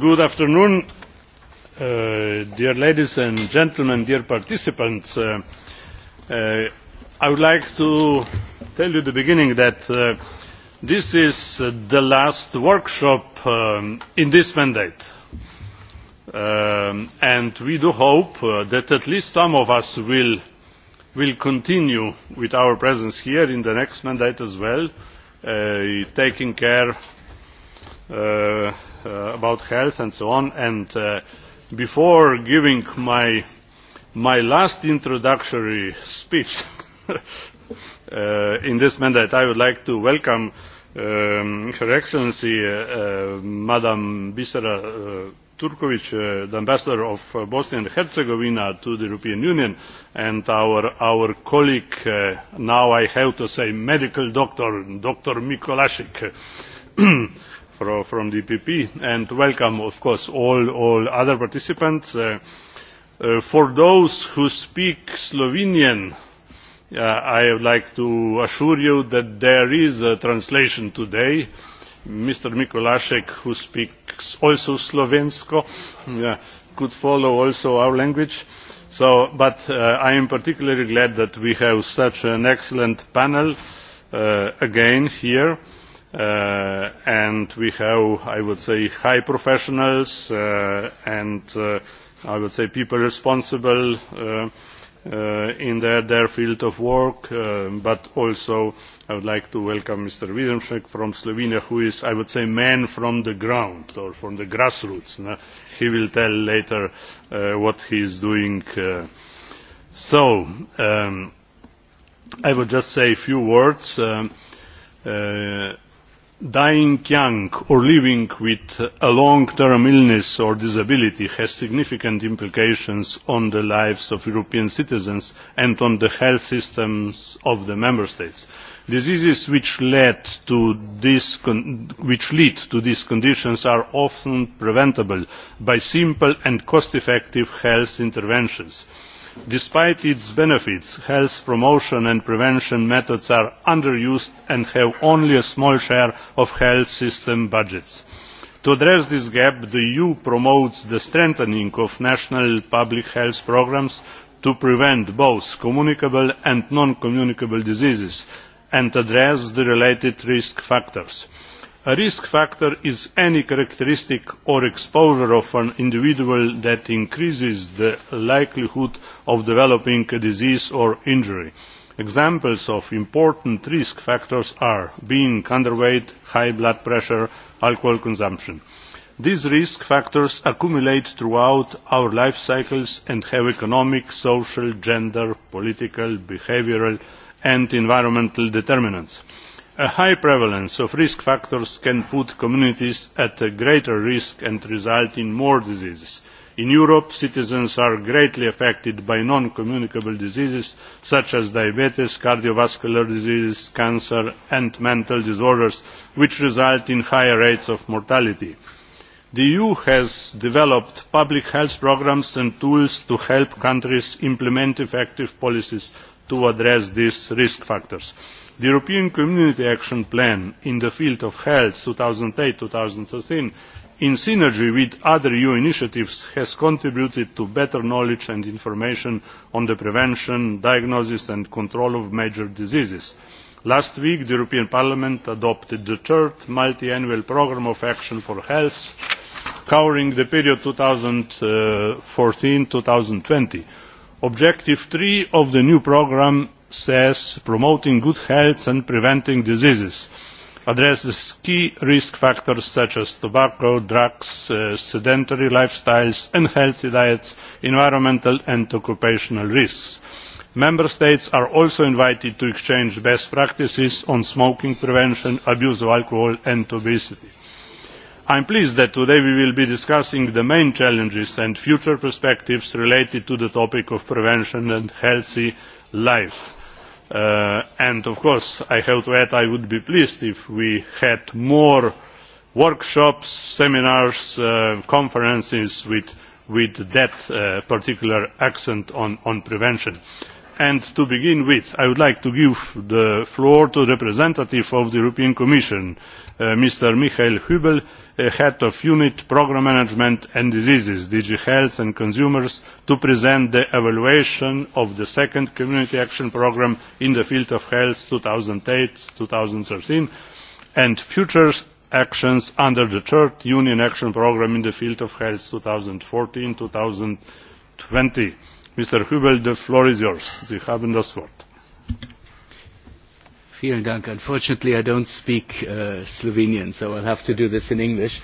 Good afternoon, dear ladies and gentlemen, dear participants. I would like to tell you at the beginning that this is the last workshop in this mandate. and we do hope that at least some of us will, will continue with our presence here in the next mandate as well, taking care uh, about health and so on. And uh, before giving my my last introductory speech uh, in this mandate, I would like to welcome um, Her Excellency uh, uh, Madam Bisera uh, Turkovic, uh, the Ambassador of uh, Bosnia and Herzegovina to the European Union, and our, our colleague, uh, now I have to say medical doctor, Dr. Mikolasik from the EPP and welcome, of course, all other participants. For those who speak Slovenian, I would like to assure you that there is a translation today. Mr. Mikulášek, who speaks also Slovensko, could follow also our language. So, but I am particularly glad that we have such an excellent panel again here and we have, I would say, high professionals and I would say people responsible in their, field of work, but also I would like to welcome Mr. Wiedemschek from Slovenia, who is, I would say, man from the ground or from the grassroots. He will tell later what he is doing. so, I would just say a few words dying young or living with a long term illness or disability has significant implications on the lives of european citizens and on the health systems of the member states. diseases which lead to these conditions are often preventable by simple and cost effective health interventions despite its benefits health promotion and prevention methods are underused and have only a small share of health system budgets. to address this gap the eu promotes the strengthening of national public health programmes to prevent both communicable and non communicable diseases and address the related risk factors a risk factor is any characteristic or exposure of an individual that increases the likelihood of developing a disease or injury. examples of important risk factors are being underweight high blood pressure and alcohol consumption. these risk factors accumulate throughout our life cycles and have economic social gender political behavioural and environmental determinants a high prevalence of risk factors can put communities at greater risk and result in more diseases. in europe citizens are greatly affected by non communicable diseases such as diabetes cardiovascular disease cancer and mental disorders which result in higher rates of mortality. the eu has developed public health programmes and tools to help countries implement effective policies to address these risk factors. the european community action plan in the field of health two thousand and eight two thousand and thirteen in synergy with other eu initiatives has contributed to better knowledge and information on the prevention diagnosis and control of major diseases. last week the european parliament adopted the third multiannual programme of action for health covering the period two thousand and fourteen two thousand and twenty objective three of the new programme says promoting good health and preventing diseases addresses key risk factors such as tobacco drugs sedentary lifestyles unhealthy diets environmental and occupational risks. member states are also invited to exchange best practices on smoking prevention abuse of alcohol and obesity i am pleased that today we will be discussing the main challenges and future perspectives related to the topic of prevention and healthy life. and of course i have to add i would be pleased if we had more workshops seminars and conferences with that particular accent on prevention and to begin with i would like to give the floor to the representative of the european commission mr michael hübel head of unit programme management and diseases dg health and consumers to present the evaluation of the second community action programme in the field of health two thousand and eight two thousand and thirteen and future actions under the third union action programme in the field of health two thousand and fourteen two thousand and twenty Mr. Hübel, the floor is yours. Sie haben das Wort. Vielen Dank. Unfortunately, I don't speak uh, Slovenian, so I'll have to do this in English.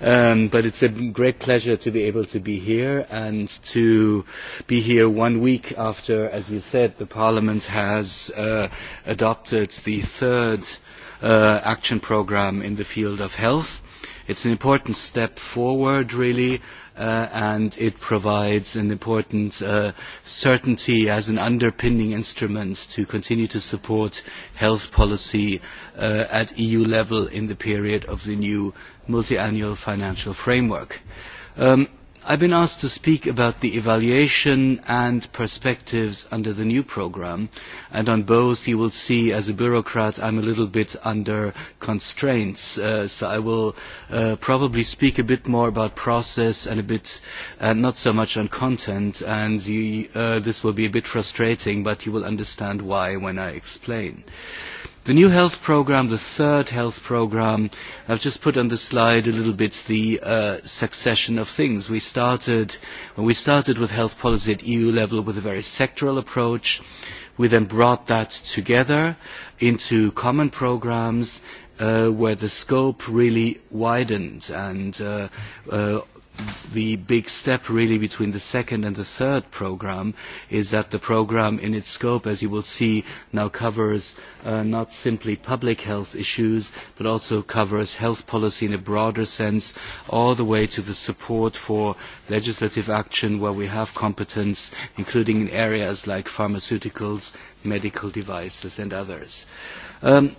um, but it's a great pleasure to be able to be here and to be here one week after, as you said, the Parliament has uh, adopted the third uh, action program in the field of health. It's an important step forward, really and it provides an important certainty as an underpinning instrument to continue to support health policy at EU level in the period of the new multiannual financial framework. Um, I have been asked to speak about the evaluation and perspectives under the new programme, and on both you will see as a bureaucrat I am a little bit under constraints, so I will probably speak a bit more about process and a bit, and not so much on content, and this will be a bit frustrating, but you will understand why when I explain The new health programme, the third health programme, I've just put on the slide a little bit the uh, succession of things. We started, when we started with health policy at EU level with a very sectoral approach. We then brought that together into common programmes uh, where the scope really widened and uh, uh, the big step really between the second and the third programme is that the programme in its scope, as you will see, now covers uh, not simply public health issues, but also covers health policy in a broader sense, all the way to the support for legislative action where we have competence, including in areas like pharmaceuticals, medical devices and others. Um,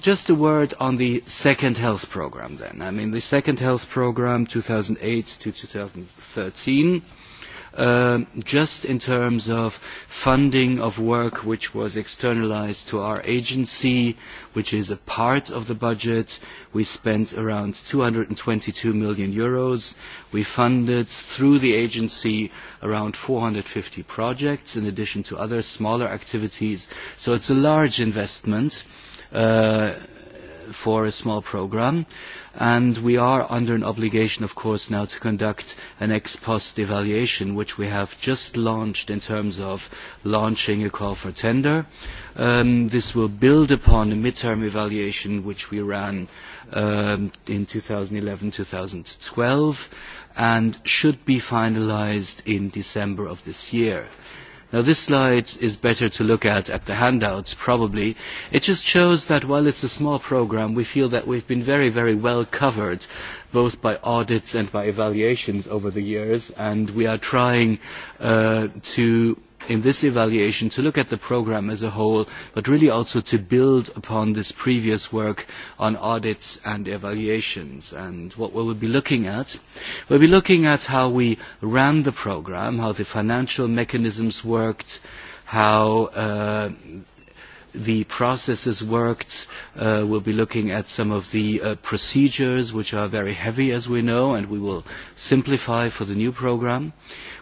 Just a word on the second health program then. I mean, the second health program, 2008 to 2013, uh, just in terms of funding of work which was externalized to our agency, which is a part of the budget. We spent around 222 million euros. We funded through the agency around 450 projects in addition to other smaller activities. So it's a large investment for a small programme. And we are under an obligation, of course, now to conduct an ex post evaluation, which we have just launched in terms of launching a call for tender. this will build upon a mid term evaluation which we ran um, in 2011-2012 and should be finalised in December of this year Now this slide is better to look at at the handouts probably. It just shows that while it's a small program, we feel that we've been very, very well covered both by audits and by evaluations over the years and we are trying uh, to in this evaluation to look at the programme as a whole, but really also to build upon this previous work on audits and evaluations. And what we will be looking at, we'll be looking at how we ran the programme, how the financial mechanisms worked, how uh, the processes worked. Uh, we'll be looking at some of the uh, procedures, which are very heavy, as we know, and we will simplify for the new programme.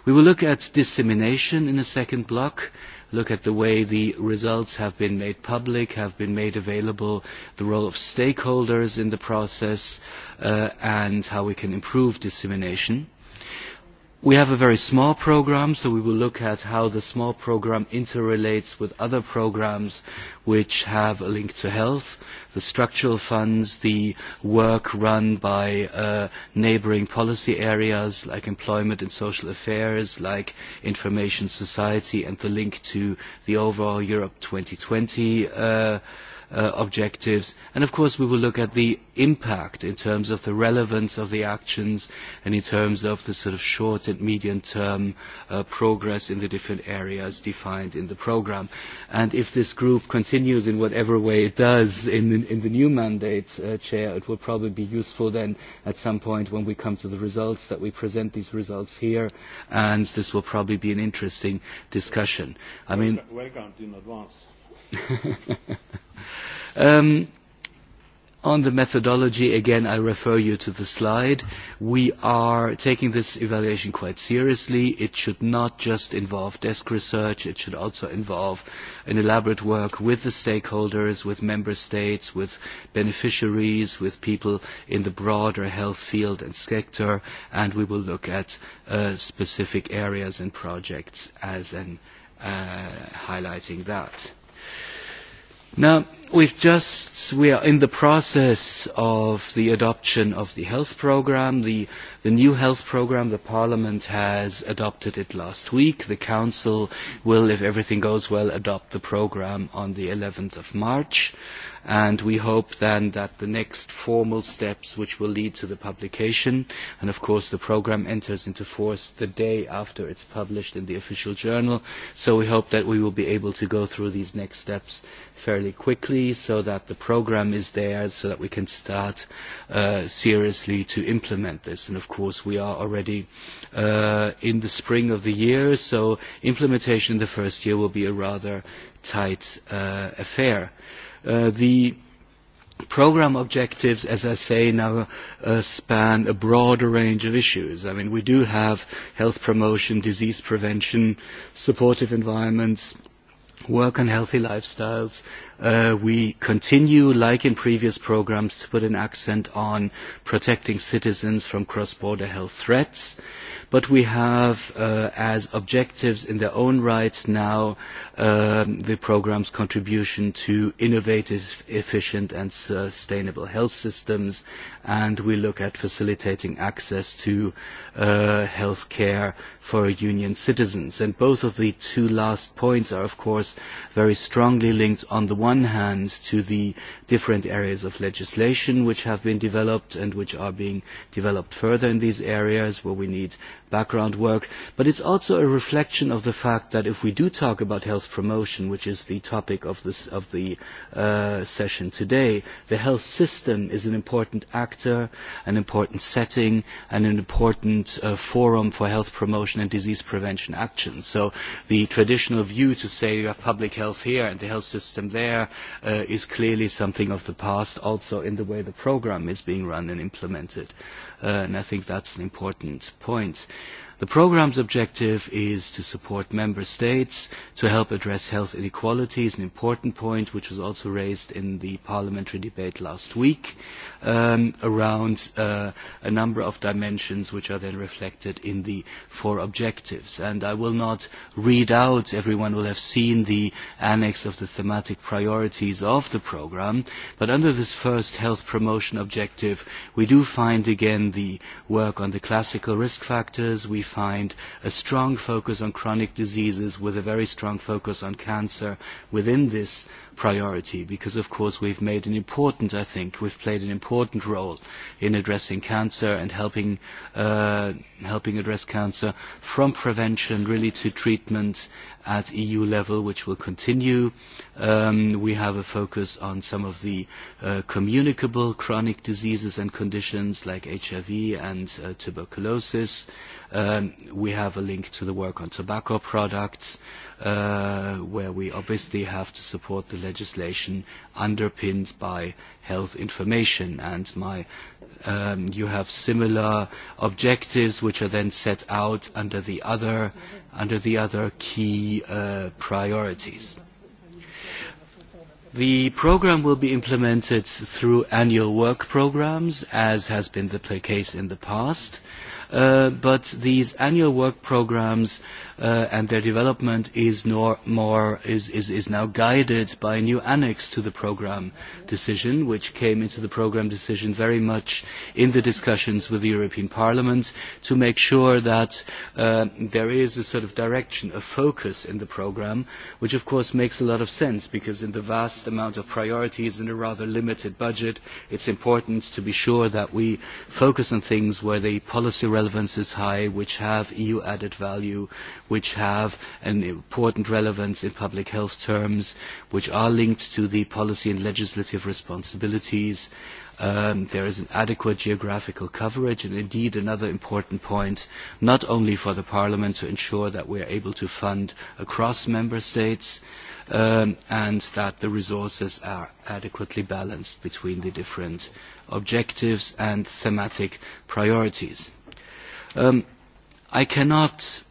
We will look at dissemination in a second block, look at the way the results have been made public, have been made available, the role of stakeholders in the process, uh, and how we can improve dissemination We have a very small programme, so we will look at how the small programme interrelates with other programmes which have a link to health, the structural funds, the work run by uh, neighbouring policy areas like employment and social affairs, like information society, and the link to the overall Europe 2020 uh, uh, objectives. And of course we will look at the impact in terms of the relevance of the actions and in terms of the sort of short and medium term uh, progress in the different areas defined in the programme. And if this group continues in whatever way it does in the, in the new mandate, uh, Chair, it will probably be useful then at some point when we come to the results that we present these results here and this will probably be an interesting discussion. I mean, welcome in advance. Um, on the methodology, again, I refer you to the slide. We are taking this evaluation quite seriously. It should not just involve desk research. It should also involve an elaborate work with the stakeholders, with member states, with beneficiaries, with people in the broader health field and sector, and we will look at uh, specific areas and projects as an uh, highlighting that Now, we've just, we are in the process of the adoption of the health programme, the, the new health programme. The Parliament has adopted it last week. The Council will, if everything goes well, adopt the programme on the 11th of March and we hope then that the next formal steps which will lead to the publication and of course the programme enters into force the day after it is published in the official journal so we hope that we will be able to go through these next steps fairly quickly so that the programme is there so that we can start seriously to implement this and of course we are already in the spring of the year so implementation in the first year will be a rather tight affair the program objectives, as I say, now uh, span a broader range of issues. I mean, we do have health promotion, disease prevention, supportive environments, work on healthy lifestyles, we continue, like in previous programmes, to put an accent on protecting citizens from cross-border health threats. But we have, as objectives in their own right now, the programme's contribution to innovative, efficient and sustainable health systems. And we look at facilitating access to health care for union citizens. And both of the two last points are, of course, very strongly linked on the one hand to the different areas of legislation which have been developed and which are being developed further in these areas where we need background work, but it is also a reflection of the fact that if we do talk about health promotion, which is the topic of, this, of the uh, session today, the health system is an important actor, an important setting, and an important uh, forum for health promotion and disease prevention action. So the traditional view to say you have public health here and the health system there there is clearly something of the past also in the way the programme is being run and implemented. and I think that's an important point The programme's objective is to support member states to help address health inequalities, an important point which was also raised in the parliamentary debate last week around a number of dimensions which are then reflected in the four objectives. And I will not read out, everyone will have seen the annex of the thematic priorities of the programme, but under this first health promotion objective, we do find again the work on the classical risk factors, we find a strong focus on chronic diseases with a very strong focus on cancer within this priority because of course we've made an important, I think, we've played an important role in addressing cancer and helping, uh, helping address cancer from prevention really to treatment at EU level, which will continue. Um, we have a focus on some of the uh, communicable chronic diseases and conditions like HIV and uh, tuberculosis. Um, we have a link to the work on tobacco products, uh, where we obviously have to support the legislation underpinned by health information. And my, um, you have similar objectives, which are then set out under the other under the other key priorities. The programme will be implemented through annual work programmes, as has been the case in the past, but these annual work programmes uh, and their development is, nor more, is, is, is now guided by a new annex to the programme decision, which came into the programme decision very much in the discussions with the European Parliament to make sure that uh, there is a sort of direction, a focus in the programme, which of course makes a lot of sense because in the vast amount of priorities in a rather limited budget, it's important to be sure that we focus on things where the policy relevance is high, which have EU added value, which have an important relevance in public health terms, which are linked to the policy and legislative responsibilities. Um, there is an adequate geographical coverage and indeed another important point, not only for the Parliament to ensure that we are able to fund across member states um, and that the resources are adequately balanced between the different objectives and thematic priorities. Um, I cannot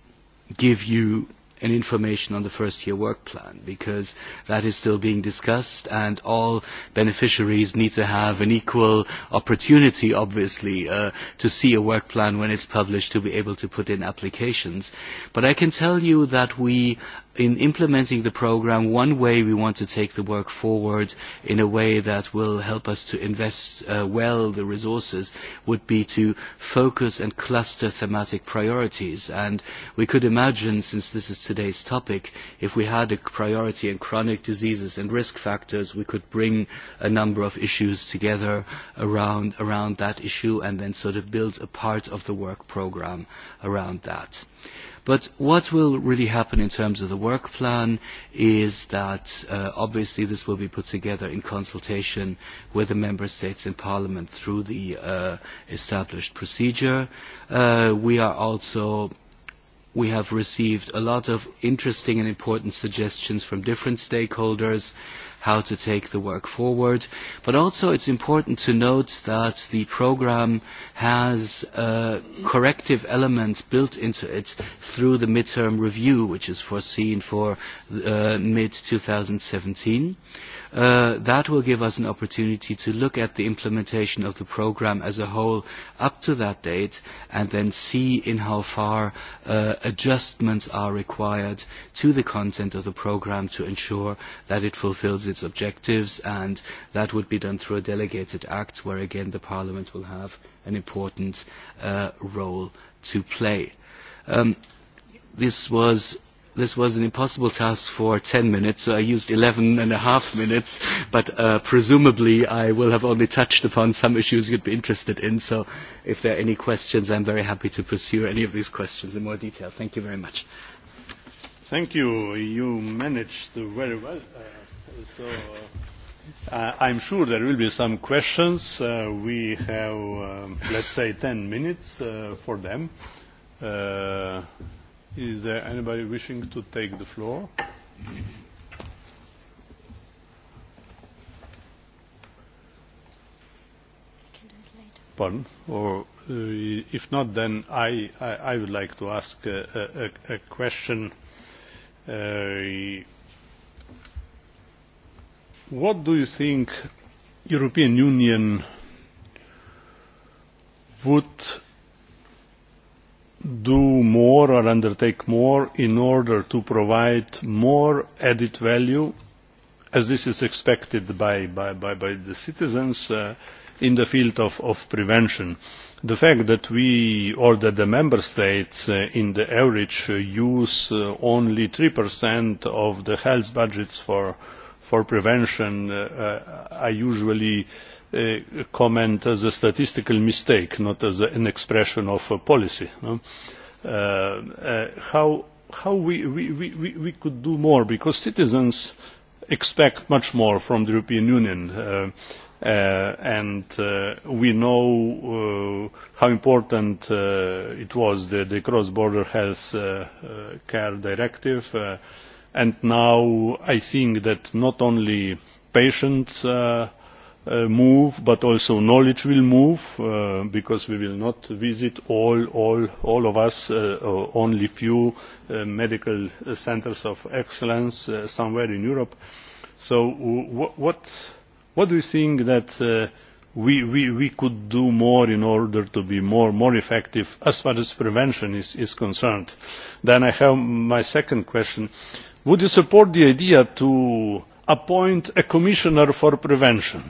give you and information on the first year work plan because that is still being discussed and all beneficiaries need to have an equal opportunity obviously uh, to see a work plan when it's published to be able to put in applications. But I can tell you that we in implementing the program, one way we want to take the work forward in a way that will help us to invest uh, well the resources would be to focus and cluster thematic priorities. And we could imagine, since this is today's topic, if we had a priority in chronic diseases and risk factors, we could bring a number of issues together around, around that issue and then sort of build a part of the work program around that. But what will really happen in terms of the work plan is that uh, obviously this will be put together in consultation with the member states in parliament through the uh, established procedure. Uh, we are also we have received a lot of interesting and important suggestions from different stakeholders how to take the work forward. But also it's important to note that the program has a corrective element built into it through the midterm review, which is foreseen for uh, mid-2017 that will give us an opportunity to look at the implementation of the programme as a whole up to that date and then see in how far adjustments are required to the content of the programme to ensure that it fulfills its objectives and that would be done through a delegated act where again the Parliament will have an important role to play. this was this was an impossible task for 10 minutes, so I used 11 and a half minutes, but uh, presumably I will have only touched upon some issues you'd be interested in, so if there are any questions, I'm very happy to pursue any of these questions in more detail. Thank you very much. Thank you. You managed very well. Uh, so, uh, I'm sure there will be some questions. Uh, we have, um, let's say, 10 minutes uh, for them. Uh, Is there anybody wishing to take the floor? Pardon? Or uh, if not, then I, I, I would like to ask a, a, a question. Uh, what do you think European Union would do more or undertake more in order to provide more added value as this is expected by, by, by, by the citizens uh, in the field of, of prevention. The fact that we or that the member states uh, in the average uh, use uh, only 3% of the health budgets for, for prevention uh, uh, are usually uh, comment as a statistical mistake, not as an expression of a policy. how we, we, could do more, because citizens expect much more from the European Union, and we know how important it was, the, the cross-border health care directive, and now I think that not only patients move but also knowledge will move because we will not visit all of us only a few medical centres of excellence somewhere in europe. so what do you think that we could do more in order to be more effective as far as prevention is concerned? then i have my second question would you support the idea of appointing a commissioner for prevention?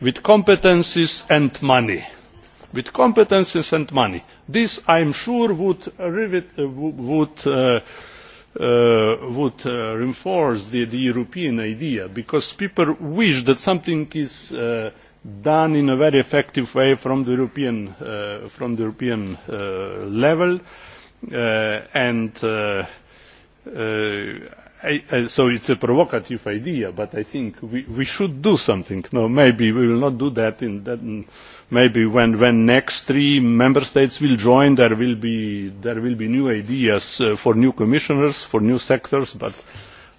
with competences and money with competences and money. this i am sure would would reinforce the european idea because people wish that something is done in a very effective way from the european level and so it is a provocative idea but i think we, we should do something. No, maybe we will not do that in that maybe when the next three member states will join there will be there will be new ideas for new commissioners for new sectors but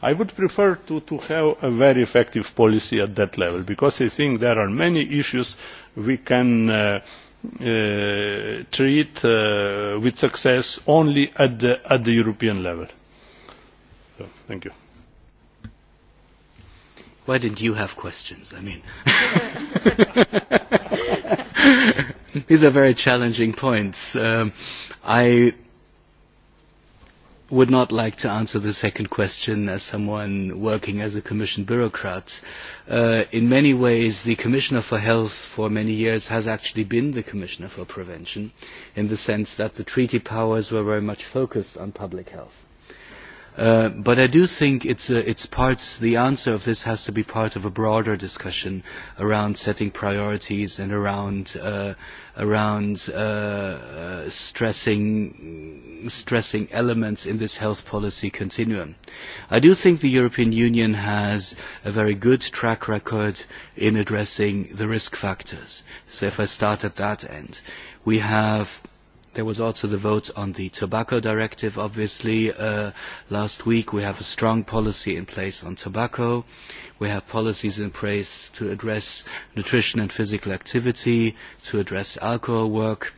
i would prefer to, to have a very effective policy at that level because i think there are many issues we can uh, uh, treat uh, with success only at the, at the european level Thank you. Why didn't you have questions? I mean, these are very challenging points. Um, I would not like to answer the second question as someone working as a commission bureaucrat. Uh, in many ways, the commissioner for health for many years has actually been the commissioner for prevention in the sense that the treaty powers were very much focused on public health but I do think it's, uh, it's part the answer of this has to be part of a broader discussion around setting priorities and around, uh, around uh, uh, stressing, stressing elements in this health policy continuum. I do think the European Union has a very good track record in addressing the risk factors. So if I start at that end, we have There was also the vote on the tobacco directive, obviously. Uh, last week we have a strong policy in place on tobacco. We have policies in place to address nutrition and physical activity, to address alcohol work.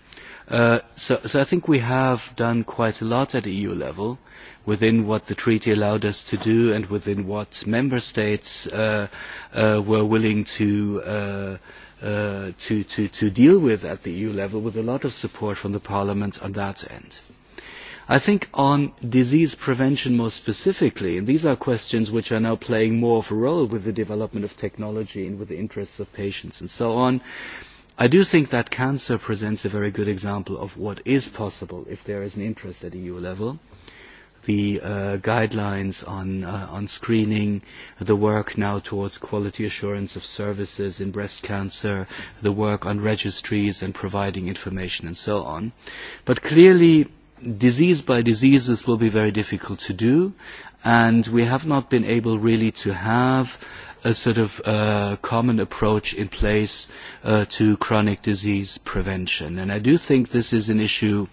Uh, so, so I think we have done quite a lot at EU level within what the treaty allowed us to do and within what member states uh, uh, were willing to uh, to, to, to deal with at the EU level with a lot of support from the parliaments on that end. I think on disease prevention more specifically, and these are questions which are now playing more of a role with the development of technology and with the interests of patients and so on, I do think that cancer presents a very good example of what is possible if there is an interest at EU level the uh, guidelines on, uh, on screening, the work now towards quality assurance of services in breast cancer, the work on registries and providing information and so on. But clearly, disease by diseases will be very difficult to do, and we have not been able really to have a sort of uh, common approach in place uh, to chronic disease prevention. And I do think this is an issue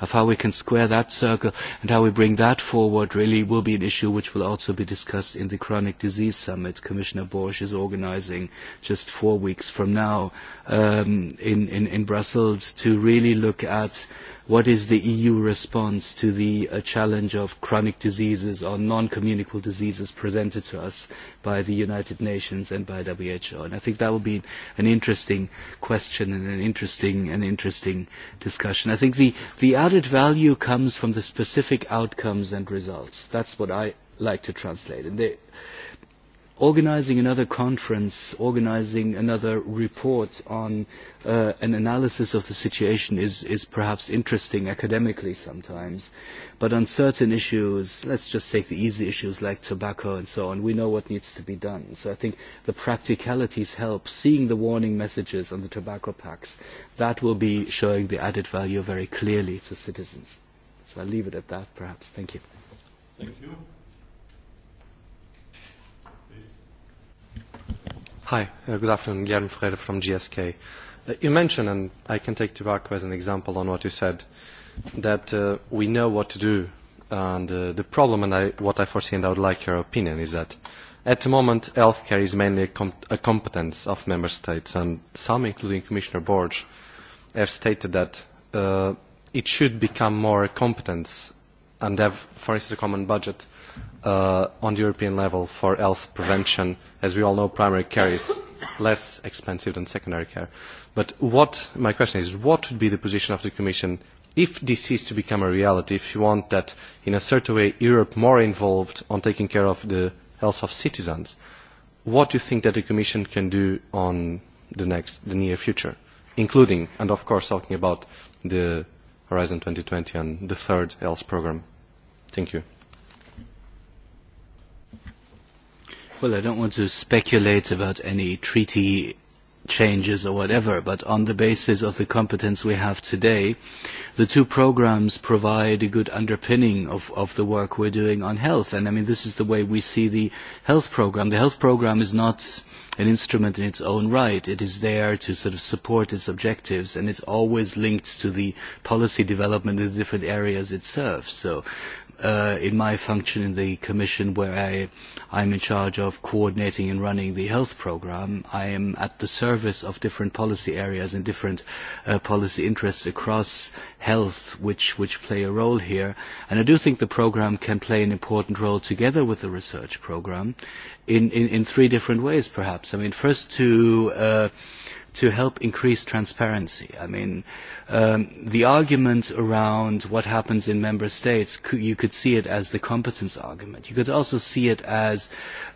of how we can square that circle and how we bring that forward really will be an issue which will also be discussed in the Chronic Disease Summit Commissioner Borsch is organizing just four weeks from now um, in, in, in Brussels to really look at uh, what is the EU response to the uh, challenge of chronic diseases or non-communicable diseases presented to us by the United Nations and by WHO? And I think that will be an interesting question and an interesting, an interesting discussion. I think the, the added value comes from the specific outcomes and results. That's what I like to translate. And they, organising another conference, organising another report on uh, an analysis of the situation is, is perhaps interesting academically sometimes. But on certain issues, let's just take the easy issues like tobacco and so on, we know what needs to be done. So I think the practicalities help. Seeing the warning messages on the tobacco packs, that will be showing the added value very clearly to citizens. So I'll leave it at that perhaps. Thank you. Thank you. Hi, uh, good afternoon. Guillermo Freire from GSK. Uh, you mentioned, and I can take tobacco as an example on what you said, that uh, we know what to do. And uh, the problem, and I, what I foresee, and I would like your opinion, is that at the moment, healthcare is mainly a, com a competence of member states, and some, including Commissioner Borge, have stated that uh, it should become more a competence and have, for instance, a common budget uh, on the European level for health prevention. As we all know, primary care is less expensive than secondary care. But what, my question is, what would be the position of the Commission if this is to become a reality, if you want that, in a certain way, Europe more involved on taking care of the health of citizens, what do you think that the Commission can do on the next, the near future, including, and of course, talking about the Horizon 2020 and the third health programme? Thank you. Well, I don't want to speculate about any treaty changes or whatever, but on the basis of the competence we have today, the two programs provide a good underpinning of, of the work we're doing on health. And I mean, this is the way we see the health program. The health program is not an instrument in its own right. It is there to sort of support its objectives, and it's always linked to the policy development in the different areas it serves. So uh, in my function in the commission where I, I'm in charge of coordinating and running the health program, I am at the service service of different policy areas and different uh, policy interests across health, which, which play a role here. And I do think the program can play an important role together with the research program in, in, in three different ways, perhaps. I mean, first to... Uh, to help increase transparency. I mean, um, the argument around what happens in member states, you could see it as the competence argument. You could also see it as,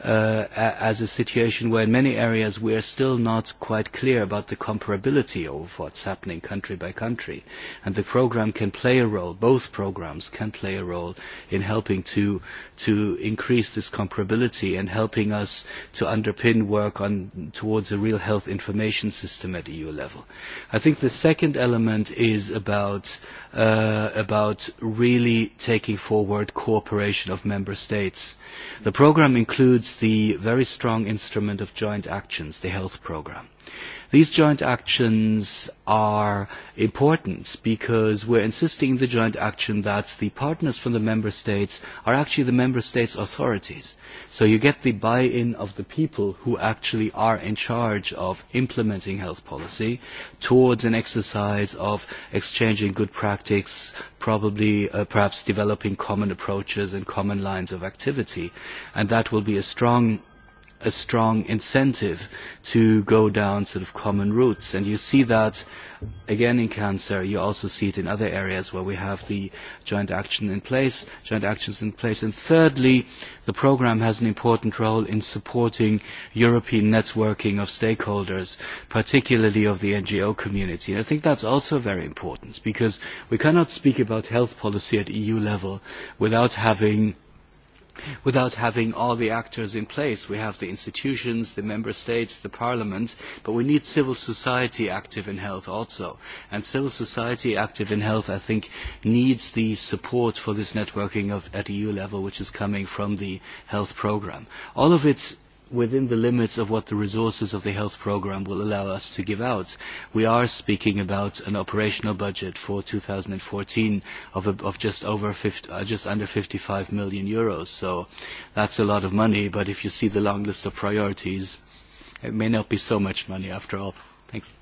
uh, as a situation where in many areas we are still not quite clear about the comparability of what's happening country by country. And the program can play a role, both programs can play a role in helping to, to increase this comparability and helping us to underpin work on, towards a real health information system system at EU level. I think the second element is about, uh, about really taking forward cooperation of member states. The programme includes the very strong instrument of joint actions, the health programme These joint actions are important because we're insisting in the joint action that the partners from the member states are actually the member states' authorities. So you get the buy-in of the people who actually are in charge of implementing health policy towards an exercise of exchanging good practice, probably uh, perhaps developing common approaches and common lines of activity. And that will be a strong a strong incentive to go down sort of common routes. And you see that again in cancer. You also see it in other areas where we have the joint action in place, joint actions in place. And thirdly, the program has an important role in supporting European networking of stakeholders, particularly of the NGO community. And I think that's also very important because we cannot speak about health policy at EU level without having without having all the actors in place. We have the institutions, the member states, the parliament, but we need civil society active in health also. And civil society active in health, I think, needs the support for this networking of, at EU level, which is coming from the health programme. All of it within the limits of what the resources of the health programme will allow us to give out. We are speaking about an operational budget for 2014 of, a, of just, over 50, uh, just under 55 million euros, so that's a lot of money, but if you see the long list of priorities, it may not be so much money after all. Thanks.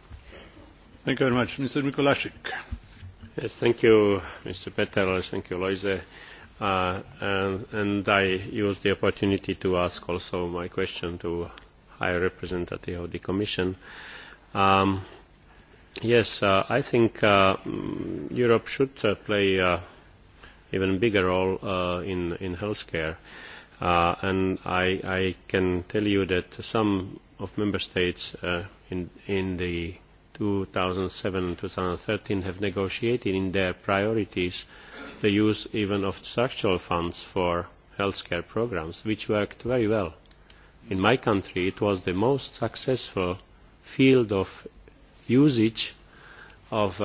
Thank you very much. Mr. Mikulášik. Yes, thank you, Mr. Petter. Thank you, Loise Uh, and, and I use the opportunity to ask also my question to High Representative of the Commission. Um, yes, uh, I think uh, Europe should uh, play an even bigger role uh, in, in healthcare. Uh, and I, I can tell you that some of member states uh, in, in the two thousand and seven and two thousand and thirteen have negotiated in their priorities the use even of structural funds for healthcare programmes which worked very well. in my country it was the most successful field of usage of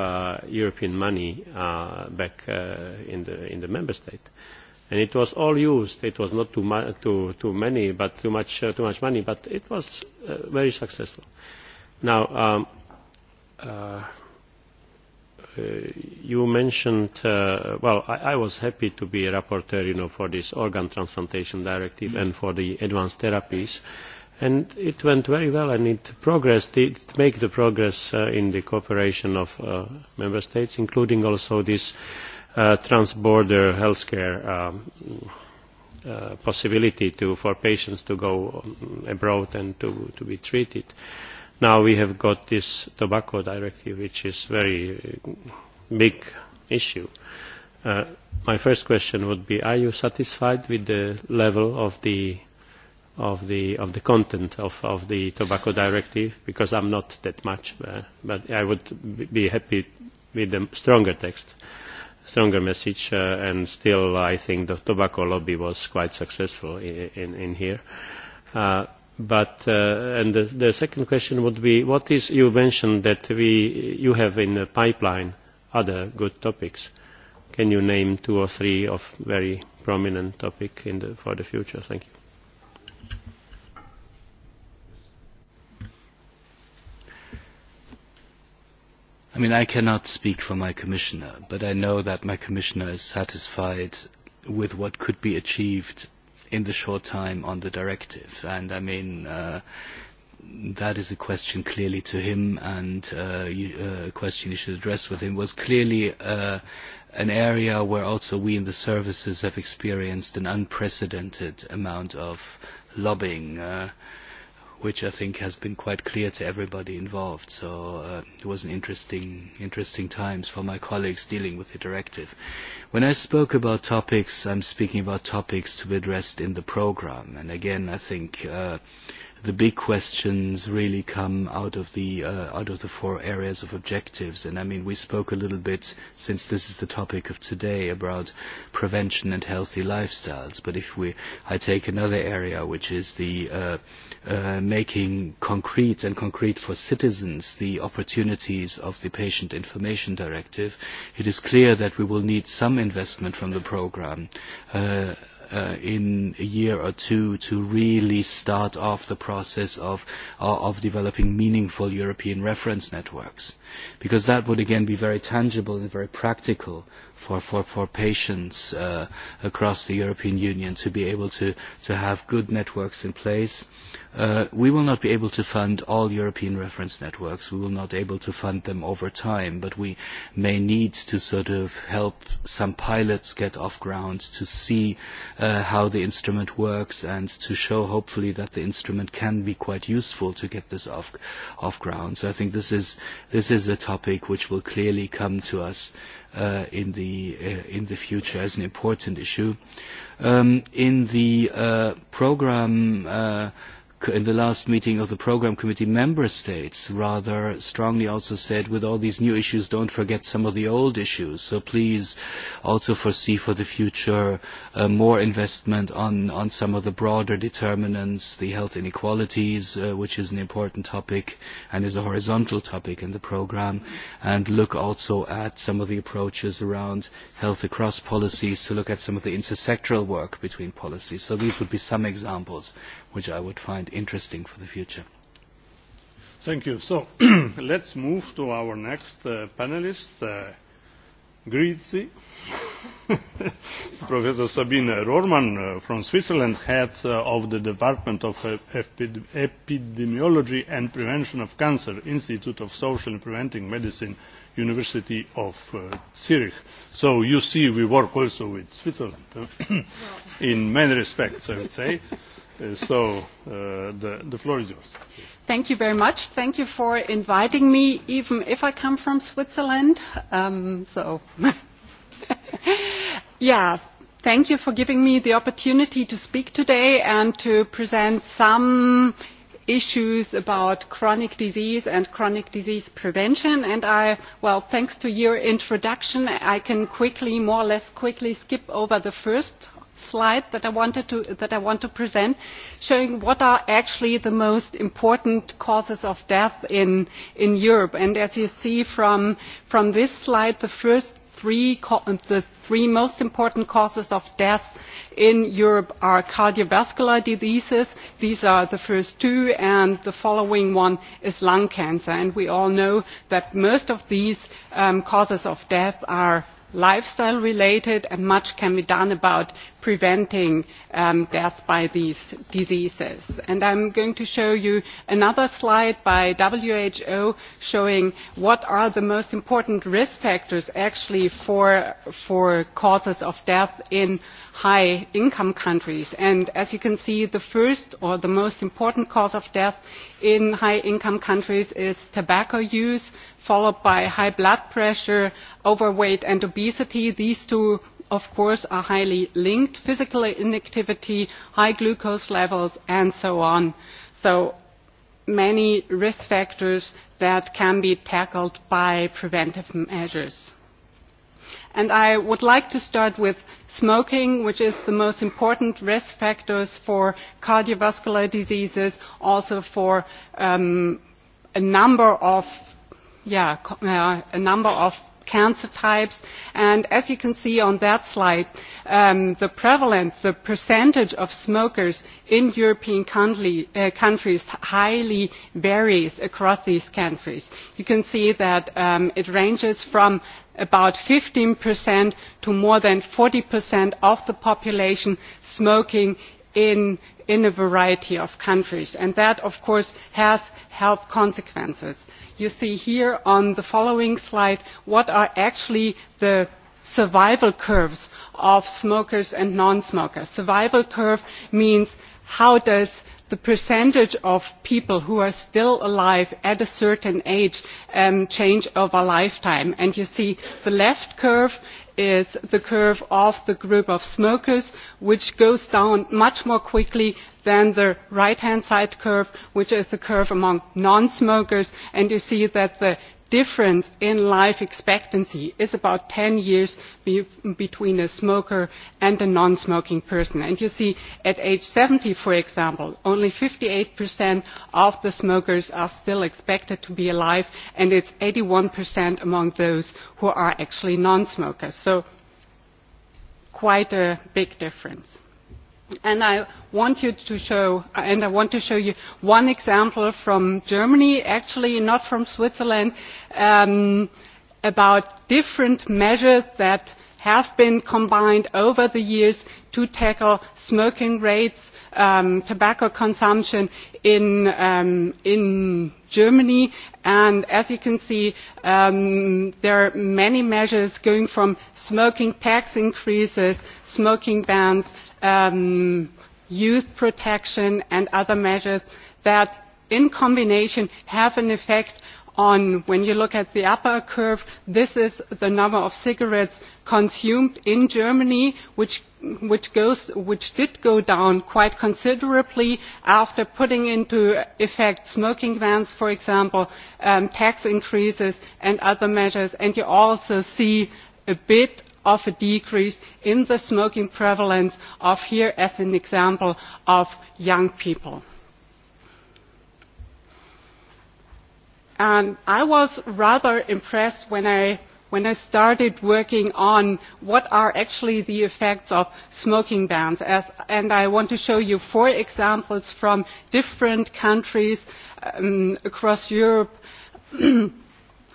european money back in the member state and it was all used. It was not too, mu- too, too many, but too much, uh, too much money, but it was uh, very successful. Now, um, you mentioned uh, well I, I was happy to be a rapporteur you know for this organ transplantation directive and for the advanced therapies and it went very well and it progressed it made the progress uh, in the cooperation of uh, member states including also this uh, transborder healthcare um, uh, possibility to for patients to go abroad and to, to be treated uh, now we have got this tobacco directive which is a very big issue. my first question would be are you satisfied with the level of the of the of the content of, of the tobacco directive because I'm not that much uh, but I would be happy with a stronger text stronger message uh, and still I think the tobacco lobby was quite successful in, in, in here uh, But uh and The the second question would be, what is you mentioned that we you have in the pipeline other good topics. Can you name two or three of very prominent topic in the for the future? Thank you. I mean, I cannot speak for my commissioner, but I know that my commissioner is satisfied with what could be achieved in the short time on the directive. And I mean, uh, that is a question clearly to him and uh, you, uh, a question you should address with him was clearly uh, an area where also we in the services have experienced an unprecedented amount of lobbying. Uh, which I think has been quite clear to everybody involved. So uh, it was an interesting, interesting times for my colleagues dealing with the directive. When I spoke about topics, I'm speaking about topics to be addressed in the program. And again, I think uh, the big questions really come out of the uh, out of the four areas of objectives. And I mean, we spoke a little bit since this is the topic of today about prevention and healthy lifestyles. But if we, I take another area, which is the uh, making concrete and concrete for citizens the opportunities of the Patient Information Directive, it is clear that we will need some investment from the programme in a year or two to really start off the process of, of developing meaningful European reference networks. Because that would again be very tangible and very practical for, for, for patients uh, across the European Union to be able to, to have good networks in place. Uh, we will not be able to fund all European reference networks. We will not be able to fund them over time, but we may need to sort of help some pilots get off ground to see uh, how the instrument works and to show hopefully that the instrument can be quite useful to get this off, off ground. So I think this is, this is a topic which will clearly come to us uh, uh, in, the, uh, in the future as an important issue. Um, in the uh, program uh, in the last meeting of the programme committee, member states rather strongly also said, with all these new issues, don't forget some of the old issues. So please also foresee for the future uh, more investment on, on some of the broader determinants, the health inequalities, uh, which is an important topic and is a horizontal topic in the programme, and look also at some of the approaches around health across policies to look at some of the intersectoral work between policies. So these would be some examples which I would find interesting for the future. Thank you. So let's move to our next uh, panelist, uh, Grizi. Professor Sabine Rohrmann uh, from Switzerland, head uh, of the Department of Epidemiology and Prevention of Cancer, Institute of Social and Preventing Medicine, University of uh, Zurich. So you see, we work also with Switzerland in many respects, I would say so the floor is yours. Thank you very much. Thank you for inviting me, even if I come from Switzerland. Um, So yeah, thank you for giving me the opportunity to speak today and to present some issues about chronic disease and chronic disease prevention and I well thanks to your introduction I can quickly more or less quickly skip over the first slide that I, wanted to, that I want to present, showing what are actually the most important causes of death in, in Europe. And as you see from, from this slide, the first three, the three most important causes of death in Europe are cardiovascular diseases. These are the first two, and the following one is lung cancer. And we all know that most of these um, causes of death are lifestyle related and much can be done about preventing um, death by these diseases. And I'm going to show you another slide by WHO showing what are the most important risk factors actually for, for causes of death in high income countries. And as you can see, the first or the most important cause of death in high income countries is tobacco use, followed by high blood pressure, overweight and obesity. These two of course are highly linked physical inactivity high glucose levels and so on so many risk factors that can be tackled by preventive measures. And I would like to start with smoking, which is the most important risk factor for cardiovascular diseases, also for a number of a number of cancer types. And as you can see on that slide, um, the prevalence, the percentage of smokers in European country, uh, countries highly varies across these countries. You can see that um, it ranges from about 15% to more than 40% of the population smoking in in a variety of countries and that of course has health consequences you see here on the following slide what are actually the survival curves of smokers and non-smokers. Survival curve means how does the percentage of people who are still alive at a certain age change over a lifetime. And you see the left curve is the curve of the group of smokers, which goes down much more quickly than the right hand side curve which is the curve among non smokers and you see that the difference in life expectancy is about ten years between a smoker and a non smoking person. you see at age seventy for example only fifty eight of the smokers are still expected to be alive and it is eighty one among those who are actually non smokers so quite a big difference and i want you to show and i want to show you one example from germany actually not from switzerland about different measures that have been combined over the years to tackle smoking rates and tobacco consumption in germany and as you can see there are many measures going from smoking tax increases smoking bans youth protection and other measures that in combination have an effect on when you look at the upper curve this is the number of cigarettes consumed in germany which did go down quite considerably after putting into effect smoking bans for example tax increases and other measures and you also see a bit of a decrease in the smoking prevalence of here as an example of young people. And I was rather impressed when I when I started working on what are actually the effects of smoking bans. As, and I want to show you four examples from different countries um, across Europe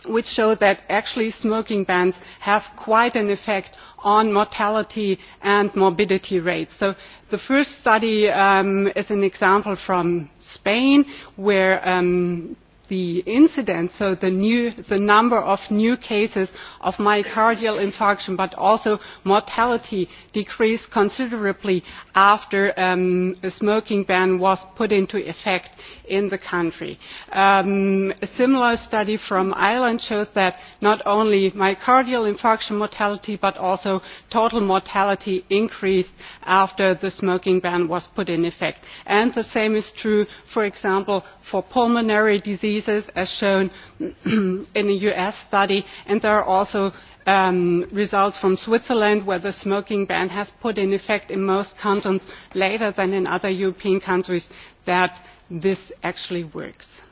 which show that actually smoking bans have quite an effect on mortality and morbidity rates. So the first study um, is an example from Spain where um, the incidence, so the, new, the number of new cases of myocardial infarction, but also mortality decreased considerably after um, a smoking ban was put into effect in the country. Um, a similar study from Ireland showed that not only myocardial infarction mortality, but also total mortality increased after the smoking ban was put in effect. And the same is true, for example, for pulmonary disease diseases as shown in a US study and there are also um, results from Switzerland where the smoking ban has put in effect in most cantons later than in other European countries that this actually works.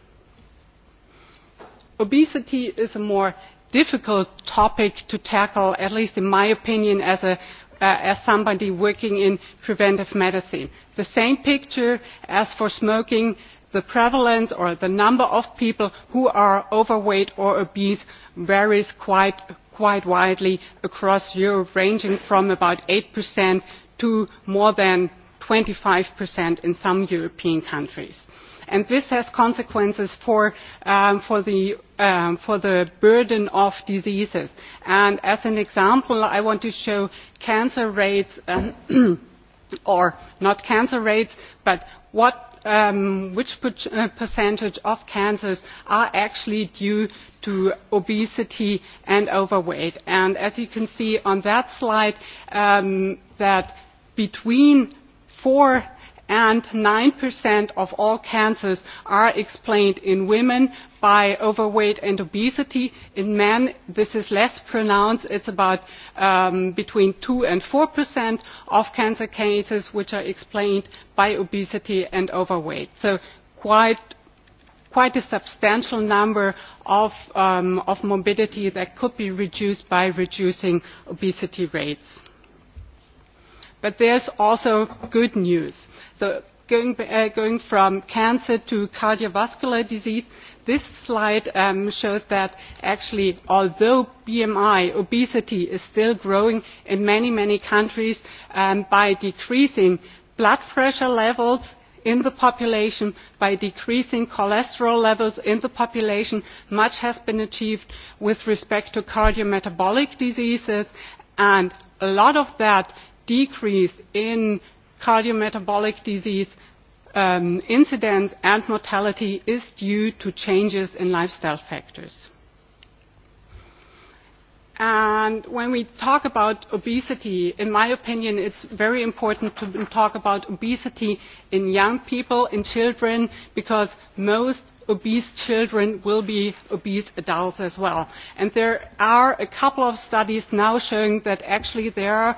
Obesity is a more difficult topic to tackle, at least in my opinion, as a as somebody working in preventive medicine. The same picture as for smoking the prevalence or the number of people who are overweight or obese varies quite, quite widely across Europe, ranging from about 8% to more than 25% in some European countries. And this has consequences for, um, for, the, um, for the burden of diseases. And as an example, I want to show cancer rates, um, or not cancer rates, but what which percentage of cancers are actually due to obesity and overweight. And as you can see on that slide, that between four and 9% of all cancers are explained in women by overweight and obesity. In men, this is less pronounced. It's about um, between 2 and 4% of cancer cases which are explained by obesity and overweight. So quite quite a substantial number of, um, of morbidity that could be reduced by reducing obesity rates. But there is also good news. So going, uh, going from cancer to cardiovascular disease, this slide um, shows that actually although BMI, obesity, is still growing in many, many countries um, by decreasing blood pressure levels in the population by decreasing cholesterol levels in the population. Much has been achieved with respect to cardiometabolic diseases and a lot of that decrease in cardiometabolic disease um, incidence and mortality is due to changes in lifestyle factors. And when we talk about obesity, in my opinion, it's very important to talk about obesity in young people, in children, because most obese children will be obese adults as well. And there are a couple of studies now showing that actually there are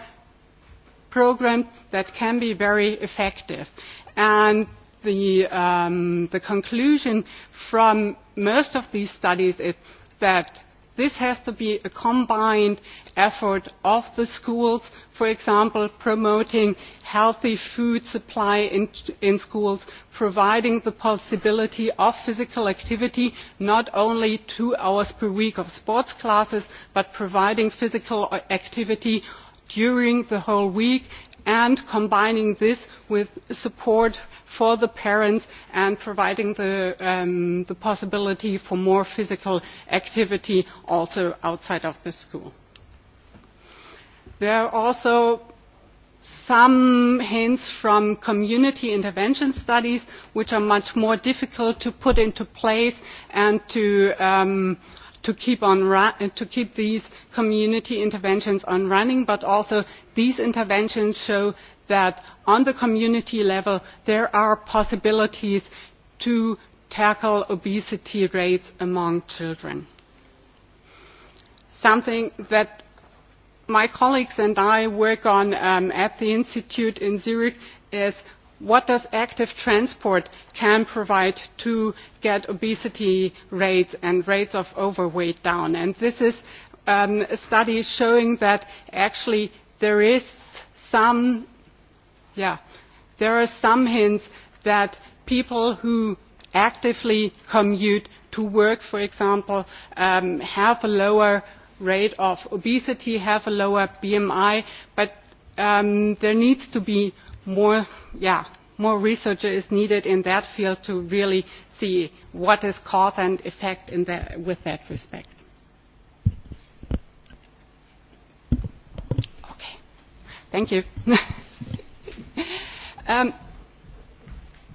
program that can be very effective. And the, um, the conclusion from most of these studies is that this has to be a combined effort of the schools, for example, promoting healthy food supply in, in schools, providing the possibility of physical activity, not only two hours per week of sports classes, but providing physical activity during the whole week and combining this with support for the parents and providing the possibility for more physical activity also outside of the school. There are also some hints from community intervention studies which are much more difficult to put into place and to to keep, these community interventions on running, but also these interventions show that on the community level there are possibilities to tackle obesity rates among children. Something that my colleagues and I work on at the Institute in Zurich is what does active transport can provide to get obesity rates and rates of overweight down. this is a study showing that actually there is some, yeah, there are some hints that people who actively commute to work, for example, um, have a lower rate of obesity, have a lower BMI, but um, there needs to be more research is needed in that field to really see what is cause and effect in that, with that respect. Okay, thank you. um,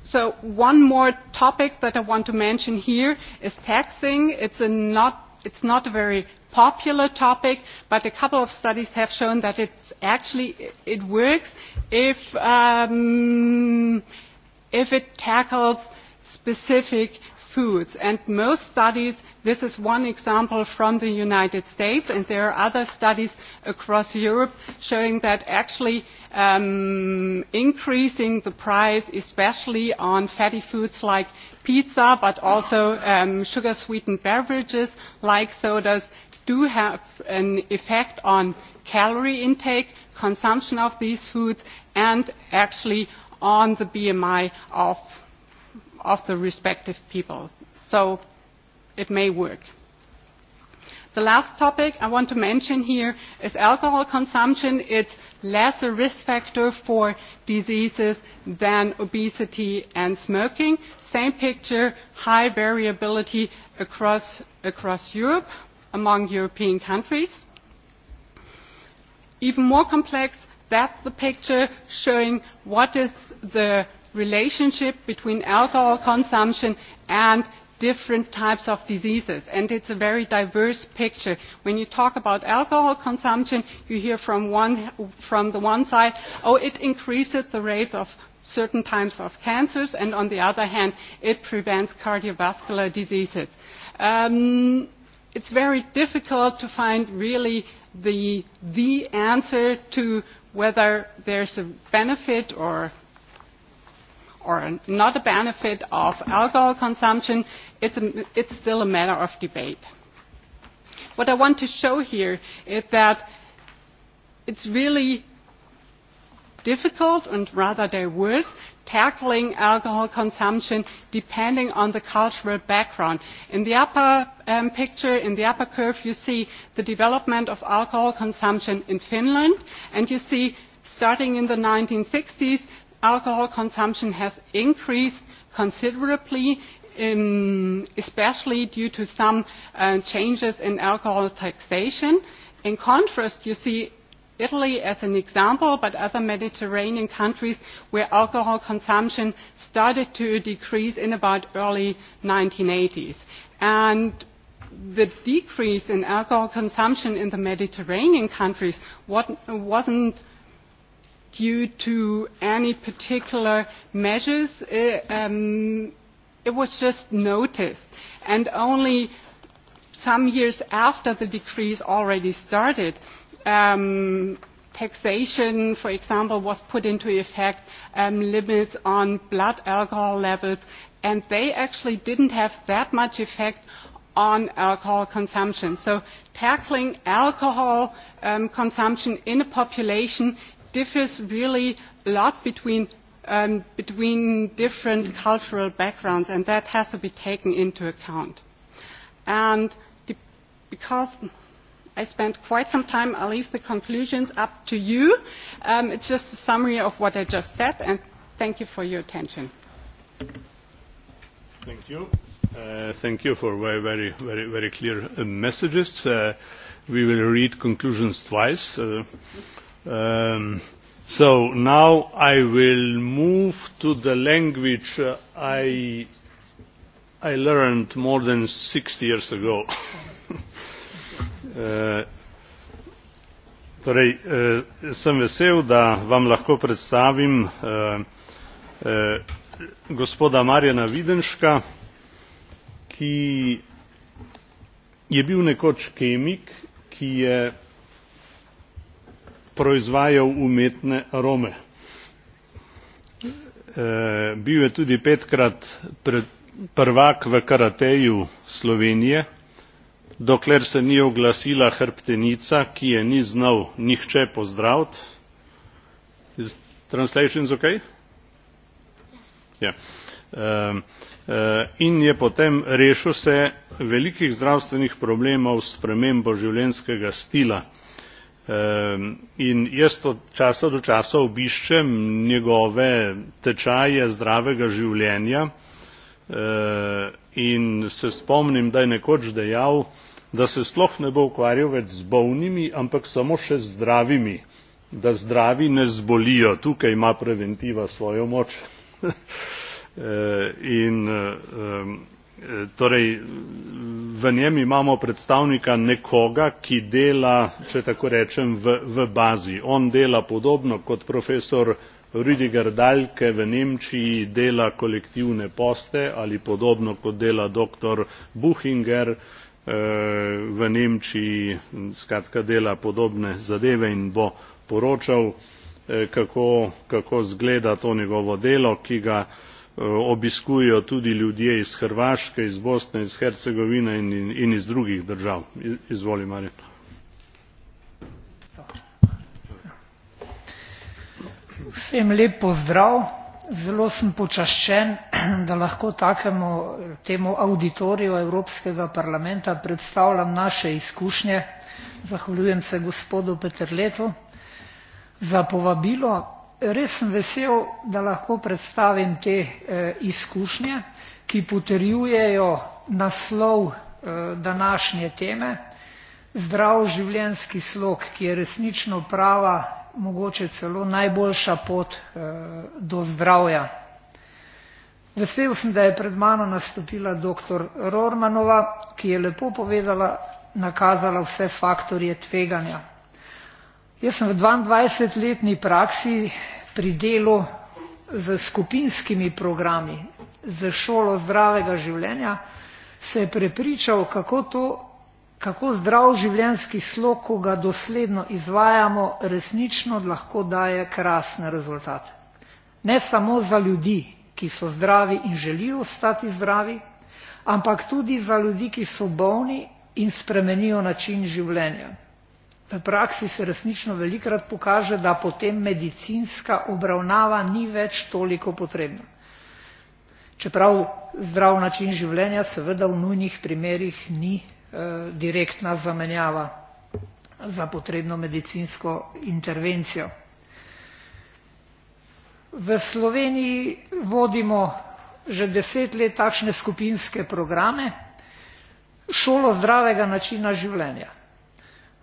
so one more topic that I want to mention here is taxing. It's a not It is not a very popular topic, but a couple of studies have shown that it actually it works if um, if it tackles specific foods. And most studies, this is one example from the United States, and there are other studies across Europe showing that actually um, increasing the price, especially on fatty foods like pizza, but also um, sugar-sweetened beverages like sodas, do have an effect on calorie intake, consumption of these foods, and actually on the BMI of of the respective people. So it may work. The last topic I want to mention here is alcohol consumption. It's less a risk factor for diseases than obesity and smoking. Same picture, high variability across, across Europe, among European countries. Even more complex, that's the picture showing what is the relationship between alcohol consumption and different types of diseases and it's a very diverse picture. When you talk about alcohol consumption you hear from, one, from the one side, oh it increases the rates of certain types of cancers and on the other hand it prevents cardiovascular diseases. Um, it's very difficult to find really the, the answer to whether there's a benefit or or not a benefit of alcohol consumption, it's, a, it's still a matter of debate. What I want to show here is that it's really difficult and rather diverse tackling alcohol consumption depending on the cultural background. In the upper um, picture, in the upper curve, you see the development of alcohol consumption in Finland, and you see starting in the 1960s alcohol consumption has increased considerably especially due to some changes in alcohol taxation. in contrast you see italy as an example but other mediterranean countries where alcohol consumption started to decrease in about the early one thousand nine hundred and eighty s and the decrease in alcohol consumption in the mediterranean countries was due to any particular measures. It was just noticed. And only some years after the decrees already started, um, taxation, for example, was put into effect, um, limits on blood alcohol levels, and they actually didn't have that much effect on alcohol consumption. So tackling alcohol um, consumption in a population differs really a lot between um, between different cultural backgrounds, and that has to be taken into account. And the, because I spent quite some time, I'll leave the conclusions up to you. Um, it's just a summary of what I just said, and thank you for your attention. Thank you. Uh, thank you for very, very, very, very clear uh, messages. Uh, we will read conclusions twice. Uh, Um, so now I will move to the language I, I learned more than 60 years ago. uh, torej, uh, sem vesel, da vam lahko predstavim uh, uh, gospoda Marjana Videnška, ki je bil nekoč kemik, ki je proizvajal umetne arome. Bil je tudi petkrat prvak v karateju Slovenije, dokler se ni oglasila hrbtenica, ki je ni znal nihče pozdraviti. Is translations okay? Yeah. in je potem rešil se velikih zdravstvenih problemov s spremembo življenjskega stila in jaz od časa do časa obiščem njegove tečaje zdravega življenja in se spomnim da je nekoč dejal da se sploh ne bo ukvarjal več z bolnimi ampak samo še z zdravimi da zdravi ne zbolijo tukaj ima preventiva svojo moč in torej v njem imamo predstavnika nekoga ki dela če tako rečem v bazi on dela podobno kot profesor rüdiger dahlke v nemčiji dela kolektivne poste, ali podobno kot dela dr. buchinger v nemčiji skratka dela podobne zadeve in bo poročal kako zgleda to njegovo delo ki ga obiskujejo tudi ljudje iz hrvaške iz bosne iz hercegovine in iz drugih držav. izvoli marjan. vsem lep pozdrav zelo sem počaščen da lahko takemu temu avditoriju evropskega parlamenta predstavljam naše izkušnje zahvaljujem se gospodu peterletu za povabilo res sem vesel, da lahko predstavim te izkušnje, ki potrjujejo naslov današnje teme, zdrav življenjski slog, ki je resnično prava, mogoče celo najboljša pot do zdravja. Vesel sem, da je pred mano nastopila dr. Rormanova, ki je lepo povedala, nakazala vse faktorje tveganja. Jaz sem v 22-letni praksi pri delu z skupinskimi programi, za šolo zdravega življenja, se prepričal, kako, to, kako zdrav življenjski slog, ko ga dosledno izvajamo, resnično lahko daje krasne rezultate. Ne samo za ljudi, ki so zdravi in želijo ostati zdravi, ampak tudi za ljudi, ki so bolni in spremenijo način življenja v praksi se resnično velikrat pokaže, da potem medicinska obravnava ni več toliko potrebna. Čeprav zdrav način življenja seveda v nujnih primerih ni direktna zamenjava za potrebno medicinsko intervencijo. V Sloveniji vodimo že deset let takšne skupinske programe, šolo zdravega načina življenja.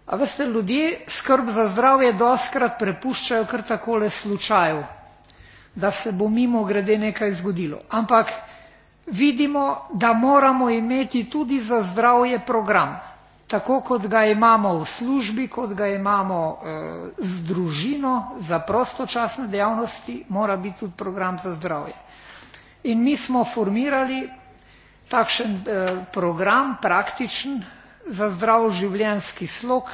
A veste, ljudje skrb za zdravje doskrat prepuščajo kar takole slučaju, da se bo mimo grede nekaj zgodilo. Ampak vidimo, da moramo imeti tudi za zdravje program, tako kot ga imamo v službi, kot ga imamo z družino, za prostočasne dejavnosti, mora biti tudi program za zdravje. In mi smo formirali takšen program, praktičen, za zdrav življenjski slog,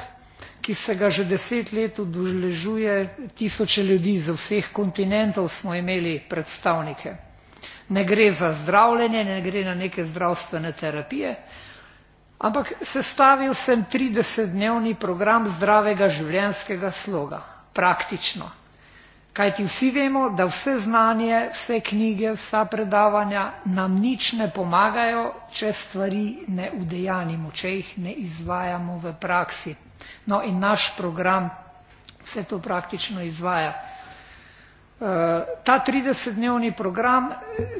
ki se ga že deset let udeležuje tisoče ljudi z vseh kontinentov, smo imeli predstavnike. Ne gre za zdravljenje, ne gre na neke zdravstvene terapije, ampak sestavil sem 30-dnevni program zdravega življenjskega sloga, praktično Kaj ti vsi vemo, da vse znanje, vse knjige, vsa predavanja nam nič ne pomagajo, če stvari ne udejanimo, če jih ne izvajamo v praksi. No in naš program vse to praktično izvaja. Ta 30-dnevni program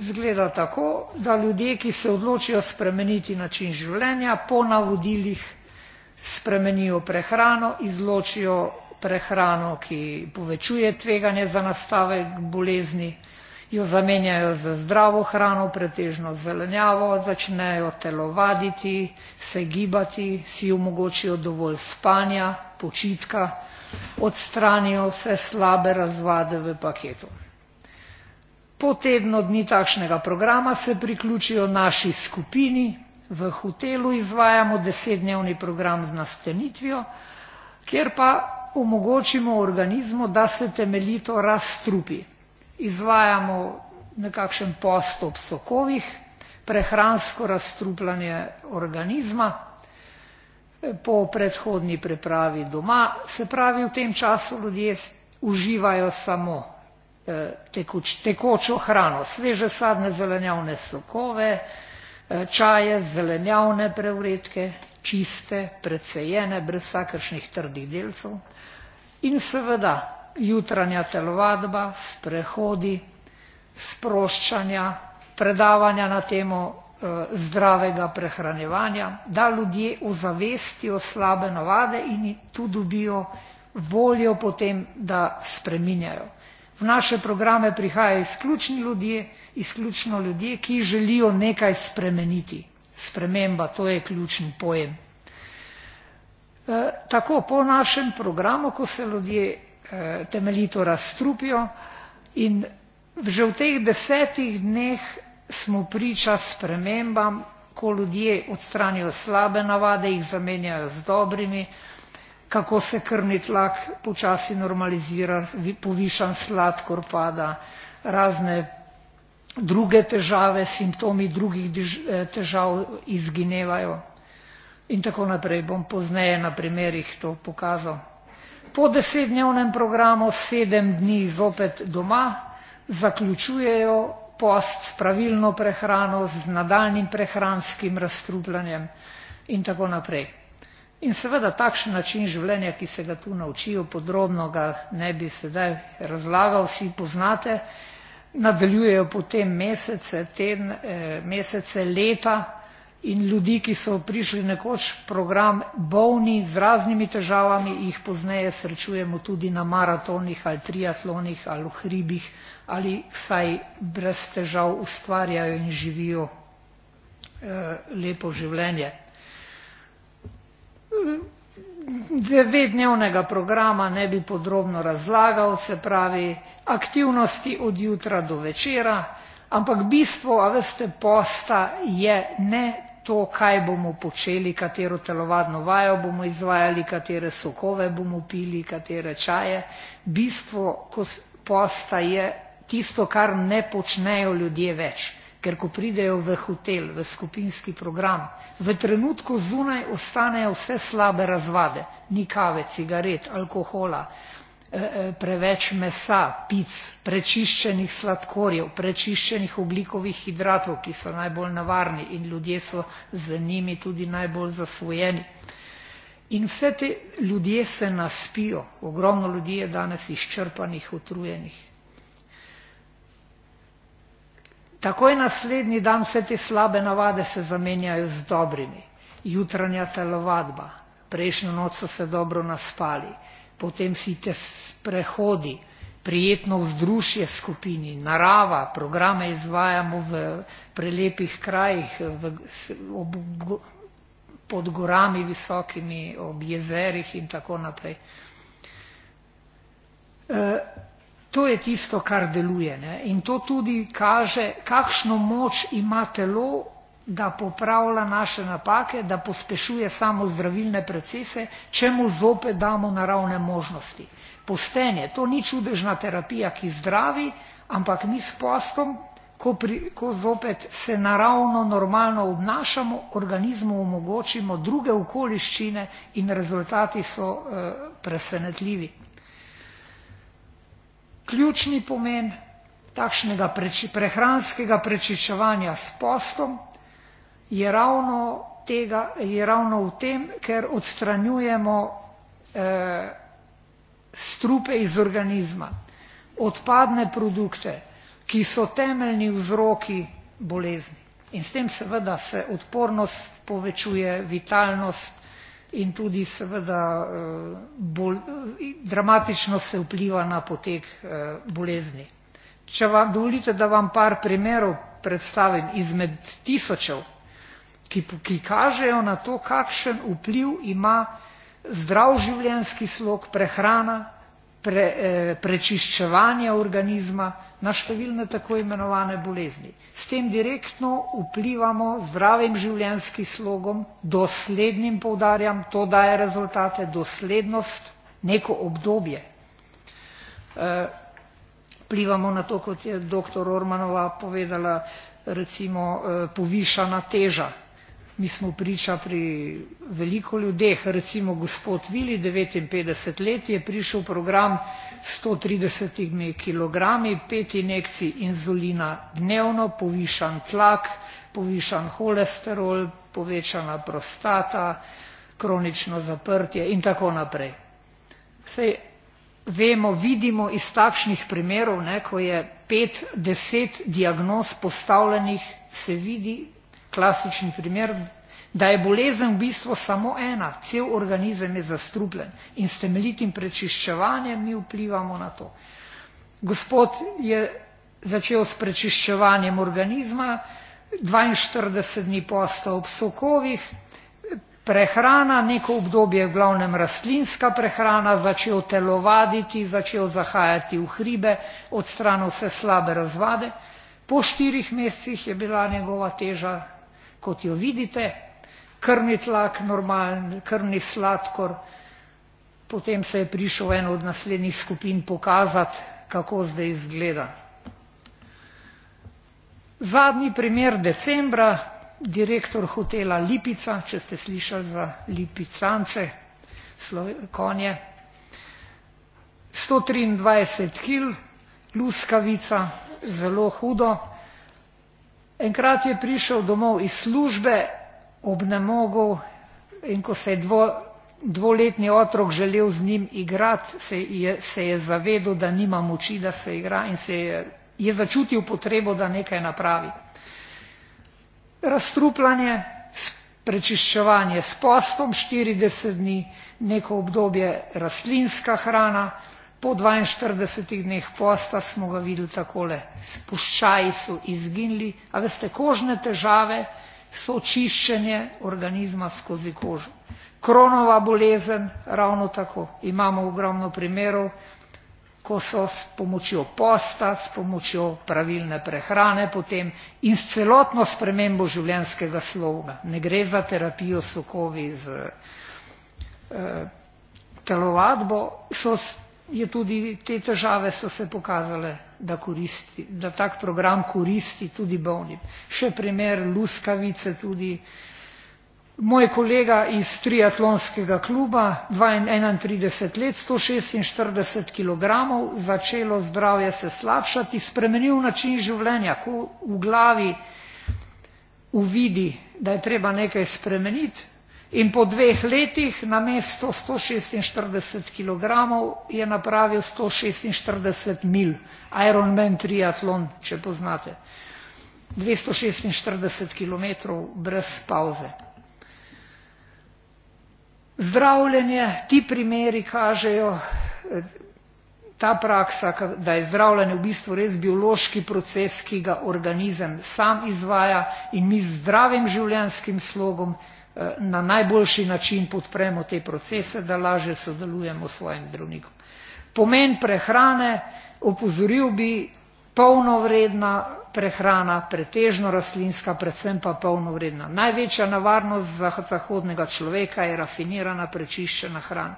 zgleda tako, da ljudje, ki se odločijo spremeniti način življenja, po navodilih spremenijo prehrano, izločijo prehrano, ki povečuje tveganje za nastavek bolezni, jo zamenjajo za zdravo hrano, pretežno zelenjavo, začnejo telovaditi, se gibati, si omogočijo dovolj spanja, počitka, odstranijo vse slabe razvade v paketu. Po tednu dni takšnega programa se priključijo naši skupini, v hotelu izvajamo desetdnevni program z nastanitvijo, kjer pa omogočimo organizmu, da se temeljito razstrupi. Izvajamo nekakšen post ob sokovih, prehransko razstrupljanje organizma po predhodni prepravi doma, se pravi v tem času ljudje uživajo samo tekoč, tekočo hrano, sveže sadne zelenjavne sokove, čaje, zelenjavne preuredke, čiste, precejene, brez vsakršnih trdih delcev in seveda jutranja telovadba, sprehodi, sproščanja, predavanja na temo zdravega prehranjevanja, da ljudje ozavestijo slabe navade in tu dobijo voljo potem, da spreminjajo. V naše programe prihajajo izključni ljudje, izključno ljudje, ki želijo nekaj spremeniti. Sprememba, to je ključen pojem tako po našem programu, ko se ljudje temeljito razstrupijo in že v teh desetih dneh smo priča spremembam, ko ljudje odstranijo slabe navade, jih zamenjajo z dobrimi, kako se krvni tlak počasi normalizira, povišan sladkor pada, razne druge težave, simptomi drugih težav izginevajo in tako naprej. Bom pozneje na primerih to pokazal. Po desetdnevnem programu sedem dni zopet doma zaključujejo post s pravilno prehrano, z nadaljnim prehranskim razstrupljanjem in tako naprej. In seveda takšen način življenja, ki se ga tu naučijo, podrobno ga ne bi sedaj razlagal, vsi poznate, nadaljujejo potem mesece, tedne, mesece, leta in ljudi, ki so prišli nekoč program bolni z raznimi težavami, jih pozneje srečujemo tudi na maratonih ali triatlonih ali v hribih ali vsaj brez težav ustvarjajo in živijo lepo življenje. Devetdnevnega programa ne bi podrobno razlagal, se pravi aktivnosti od jutra do večera, ampak bistvo, a veste, posta je ne to, kaj bomo počeli, katero telovadno vajo bomo izvajali, katere sokove bomo pili, katere čaje. Bistvo posta je tisto, kar ne počnejo ljudje več, ker ko pridejo v hotel, v skupinski program, v trenutku zunaj ostanejo vse slabe razvade, ni kave, cigaret, alkohola, preveč mesa, pic, prečiščenih sladkorjev, prečiščenih oglikovih hidratov, ki so najbolj nevarni in ljudje so z njimi tudi najbolj zasvojeni. In vse te ljudje se naspijo, ogromno ljudi je danes izčrpanih, utrujenih. Takoj naslednji dan vse te slabe navade se zamenjajo z dobrimi. Jutranja telovadba, prejšnjo noč so se dobro naspali, potem si te sprehodi, prijetno vzdušje skupini, narava, programe izvajamo v prelepih krajih, v, ob, pod gorami visokimi, ob jezerih in tako naprej. E, to je tisto, kar deluje ne? in to tudi kaže, kakšno moč ima telo da popravlja naše napake, da pospešuje samo zdravilne procese, če mu zopet damo naravne možnosti. Postenje, to ni čudežna terapija, ki zdravi, ampak mi s postom, ko, pri, ko zopet se naravno, normalno obnašamo, organizmu omogočimo druge okoliščine in rezultati so eh, presenetljivi. Ključni pomen takšnega preči, prehranskega prečičevanja s postom je ravno, tega, je ravno v tem, ker odstranjujemo eh, strupe iz organizma, odpadne produkte, ki so temeljni vzroki bolezni. In s tem seveda se odpornost povečuje, vitalnost in tudi seveda bolj, dramatično se vpliva na potek bolezni. Če vam dovolite, da vam par primerov predstavim izmed tisočev, ki, ki kažejo na to, kakšen vpliv ima zdrav življenjski slog, prehrana, pre, eh, prečiščevanje organizma na številne tako imenovane bolezni. S tem direktno vplivamo zdravim življenjskim slogom, doslednim poudarjam, to daje rezultate, doslednost, neko obdobje. Vplivamo na to, kot je dr. Ormanova povedala, recimo povišana teža Mi smo priča pri veliko ljudeh, recimo gospod Vili, 59 let, je prišel program 130 kilogrami, pet injekcij inzulina dnevno, povišan tlak, povišan holesterol, povečana prostata, kronično zaprtje in tako naprej. Sej vemo, vidimo iz takšnih primerov, ne, ko je pet, deset diagnoz postavljenih, se vidi, klasični primer, da je bolezen v bistvu samo ena, cel organizem je zastrupljen in s temeljitim prečiščevanjem mi vplivamo na to. Gospod je začel s prečiščevanjem organizma, 42 dni posta ob sokovih, prehrana, neko obdobje v glavnem rastlinska prehrana, začel telovaditi, začel zahajati v hribe, odstranil vse slabe razvade. Po štirih mesecih je bila njegova teža kot jo vidite, krvni tlak normalen, krvni sladkor. Potem se je prišel en od naslednjih skupin pokazati, kako zdaj izgleda. Zadnji primer decembra, direktor hotela Lipica, če ste slišali za lipicance, konje, 123 kil, luskavica, zelo hudo, Enkrat je prišel domov iz službe ob in ko se je dvo, dvoletni otrok želel z njim igrati, se je, se je zavedel, da nima moči, da se igra in se je, je začutil potrebo, da nekaj napravi. Razstrupljanje, prečiščevanje s postom 40 dni, neko obdobje rastlinska hrana, Po 42 dneh posta smo ga videli takole. Spuščaji so izginili, a veste, kožne težave so očiščenje organizma skozi kožo. Kronova bolezen ravno tako. Imamo ogromno primerov, ko so s pomočjo posta, s pomočjo pravilne prehrane potem in s celotno spremembo življenjskega sloga. Ne gre za terapijo sokovi z eh, telovadbo, so je tudi te težave so se pokazale, da, koristi, da tak program koristi tudi bolnim. Še primer luskavice tudi. Moj kolega iz triatlonskega kluba, 31 let, 146 kg, začelo zdravje se slabšati, spremenil način življenja, ko v glavi uvidi, da je treba nekaj spremeniti, In po dveh letih na mesto 146 kg je napravil 146 mil. Ironman triatlon, če poznate. 246 km brez pauze. Zdravljenje, ti primeri kažejo, ta praksa, da je zdravljenje v bistvu res biološki proces, ki ga organizem sam izvaja in mi z zdravim življenjskim slogom na najboljši način podpremo te procese, da lažje sodelujemo s svojim zdravnikom. Pomen prehrane, opozoril bi, polnovredna prehrana, pretežno rastlinska, predvsem pa polnovredna. Največja nevarnost za zahodnega človeka je rafinirana, prečiščena hrana.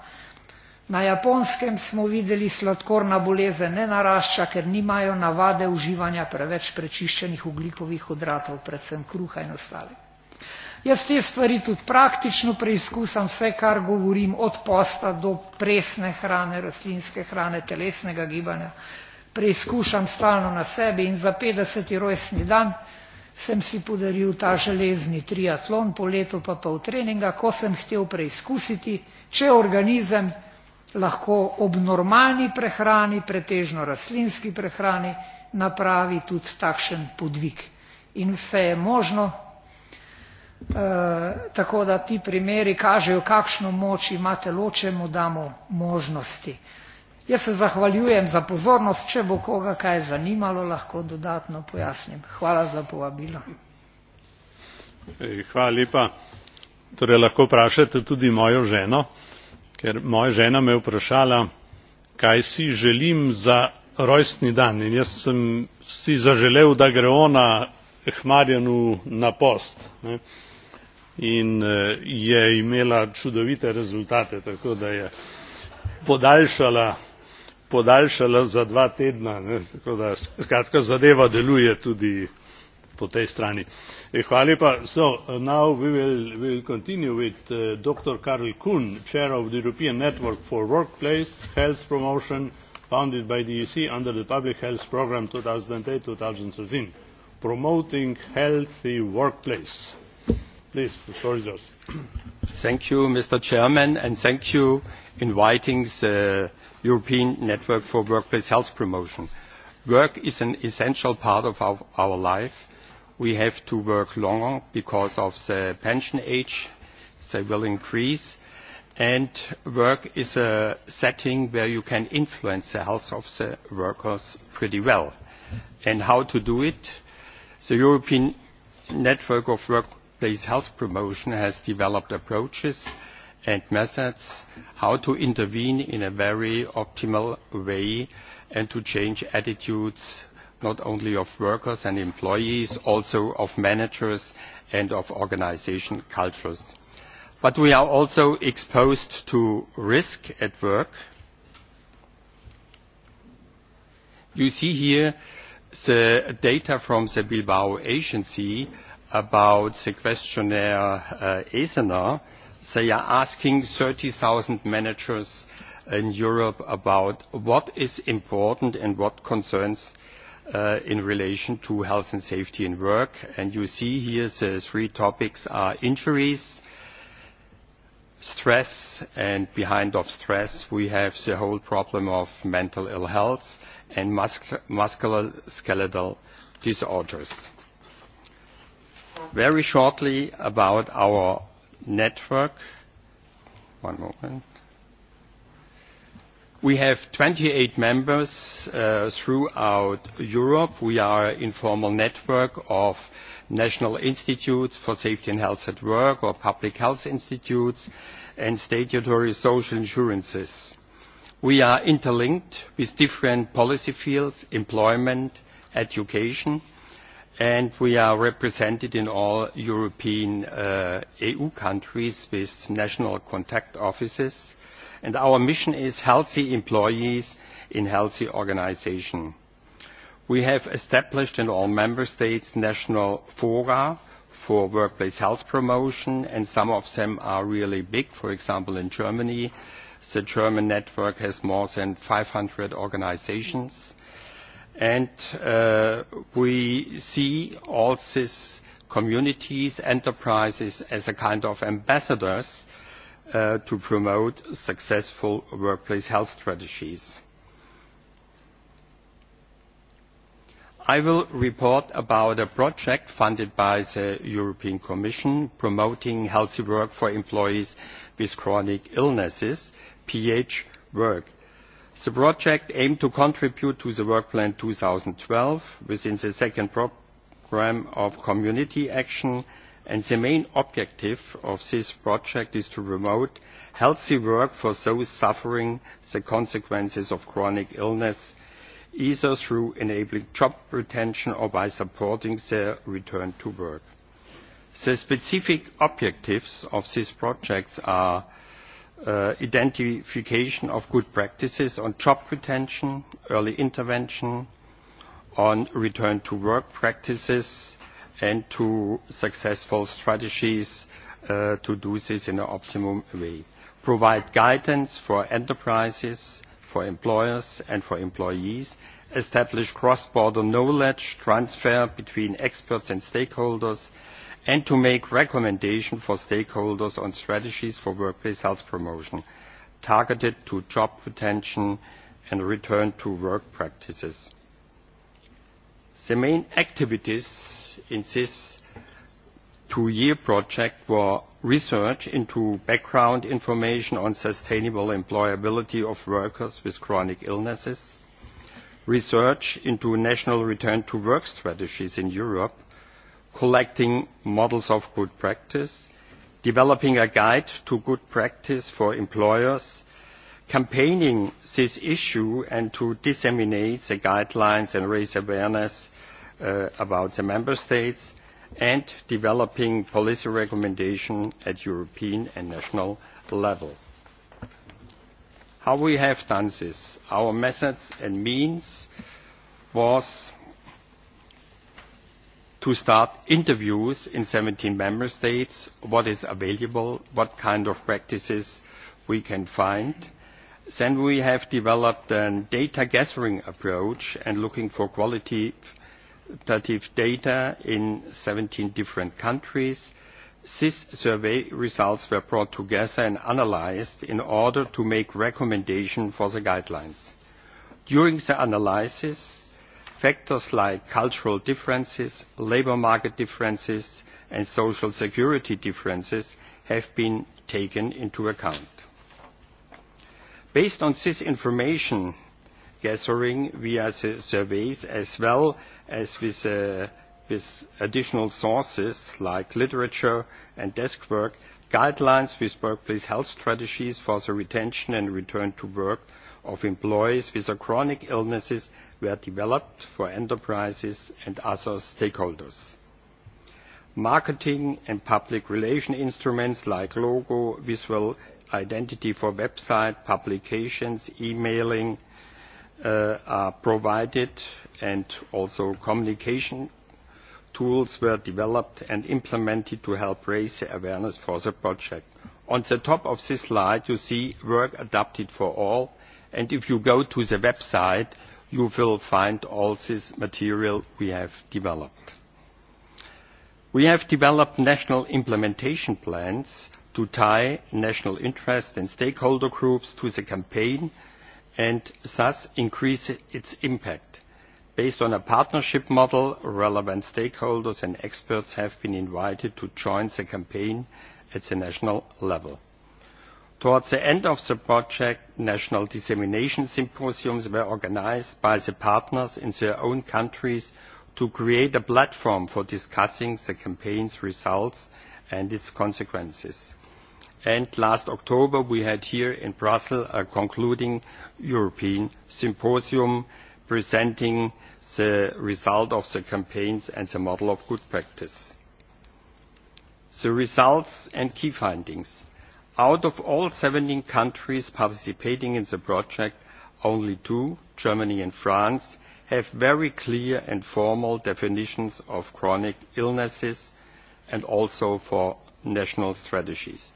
Na japonskem smo videli sladkorna bolezen ne narašča, ker nimajo navade uživanja preveč prečiščenih oglikovih hidratov, predvsem kruha in ostalih. Jaz te stvari tudi praktično preizkusam, vse kar govorim, od posta do presne hrane, rastlinske hrane, telesnega gibanja, preizkušam stalno na sebi in za 50. rojstni dan sem si podaril ta železni triatlon, po letu pa pol treninga, ko sem htel preizkusiti, če organizem lahko ob normalni prehrani, pretežno rastlinski prehrani, napravi tudi takšen podvig. In vse je možno, tako da ti primeri kažejo, kakšno moč imate ločemu damo možnosti. Jaz se zahvaljujem za pozornost, če bo koga kaj zanimalo, lahko dodatno pojasnim. Hvala za povabilo. Hvala lepa. Torej lahko vprašate tudi mojo ženo, ker moja žena me je vprašala, kaj si želim za rojstni dan in jaz sem si zaželel, da gre ona Hmarjanu na post. Ne in je imela čudovite rezultate tako da je podaljšala podaljšala za dva tedna ne, tako da skratka zadeva deluje tudi po tej strani. Hvala lepa. So now we will, we will continue with uh, Dr. Karl Kuhn, Chair of the European Network for Workplace Health Promotion, founded by the EC under the Public Health Program 2008-2013, promoting healthy workplace. Thank you, Mr. Chairman, and thank you for inviting the European Network for Workplace Health Promotion. Work is an essential part of our, our life. We have to work longer because of the pension age. They will increase. And work is a setting where you can influence the health of the workers pretty well. And how to do it? The European Network of Work workplace health promotion has developed approaches and methods how to intervene in a very optimal way and to change attitudes not only of workers and employees, also of managers and of organisation cultures. But we are also exposed to risk at work. You see here the data from the Bilbao Agency about the questionnaire uh, ESENA, they are asking 30,000 managers in Europe about what is important and what concerns uh, in relation to health and safety in work. And you see here the three topics are injuries, stress, and behind of stress we have the whole problem of mental ill health and muscular skeletal disorders very shortly about our network. One moment. We have 28 members uh, throughout Europe. We are an informal network of national institutes for safety and health at work or public health institutes and statutory social insurances. We are interlinked with different policy fields, employment, education, and we are represented in all European EU countries with national contact offices. And our mission is healthy employees in healthy organisations. We have established in all member states national fora for workplace health promotion, and some of them are really big. For example, in Germany, the German network has more than 500 organisations and we see all these communities, enterprises as a kind of ambassadors to promote successful workplace health strategies. I will report about a project funded by the European Commission promoting healthy work for employees with chronic illnesses, PH Work The project aimed to contribute to the Work Plan 2012 within the second program of community action, and the main objective of this project is to promote healthy work for those suffering the consequences of chronic illness, either through enabling job retention or by supporting their return to work. The specific objectives of these projects are identification of good practices on job retention, early intervention, on return to work practices, and to successful strategies to do this in an optimum way. Provide guidance for enterprises, for employers, and for employees. Establish cross-border knowledge transfer between experts and stakeholders and to make recommendations for stakeholders on strategies for workplace health promotion targeted to job retention and return to work practices. The main activities in this two-year project were research into background information on sustainable employability of workers with chronic illnesses, research into national return to work strategies in Europe, collecting models of good practice, developing a guide to good practice for employers, campaigning this issue and to disseminate the guidelines and raise awareness uh, about the member states, and developing policy recommendations at European and national level. How we have done this, our methods and means was to start interviews in 17 member states, what is available, what kind of practices we can find. Then we have developed a data gathering approach and looking for qualitative data in 17 different countries. These survey results were brought together and analyzed in order to make recommendations for the guidelines. During the analysis, factors like cultural differences labour market differences and social security differences have been taken into account. based on this information gathering via surveys as well as with additional sources like literature and desk work guidelines with workplace health strategies for the retention and return to work of employees with chronic illnesses were developed for enterprises and other stakeholders. Marketing and public relation instruments like logo, visual identity for website publications, emailing are provided and also communication tools were developed and implemented to help raise awareness for the project. On the top of this slide, you see work adapted for all and if you go to the website you will find all this material we have developed. We have developed national implementation plans to tie national interest and stakeholder groups to the campaign and thus increase its impact. Based on a partnership model, relevant stakeholders and experts have been invited to join the campaign at the national level towards the end of the project national dissemination symposiums were organised by the partners in their own countries to create a platform for discussing the campaign's results and its consequences. last october we had here in brussels a concluding european symposium presenting the result of the campaigns and the model of good practice. the results and key findings out of all seventeen countries participating in the project only two germany and france have very clear and formal definitions of chronic illnesses and also for national strategies.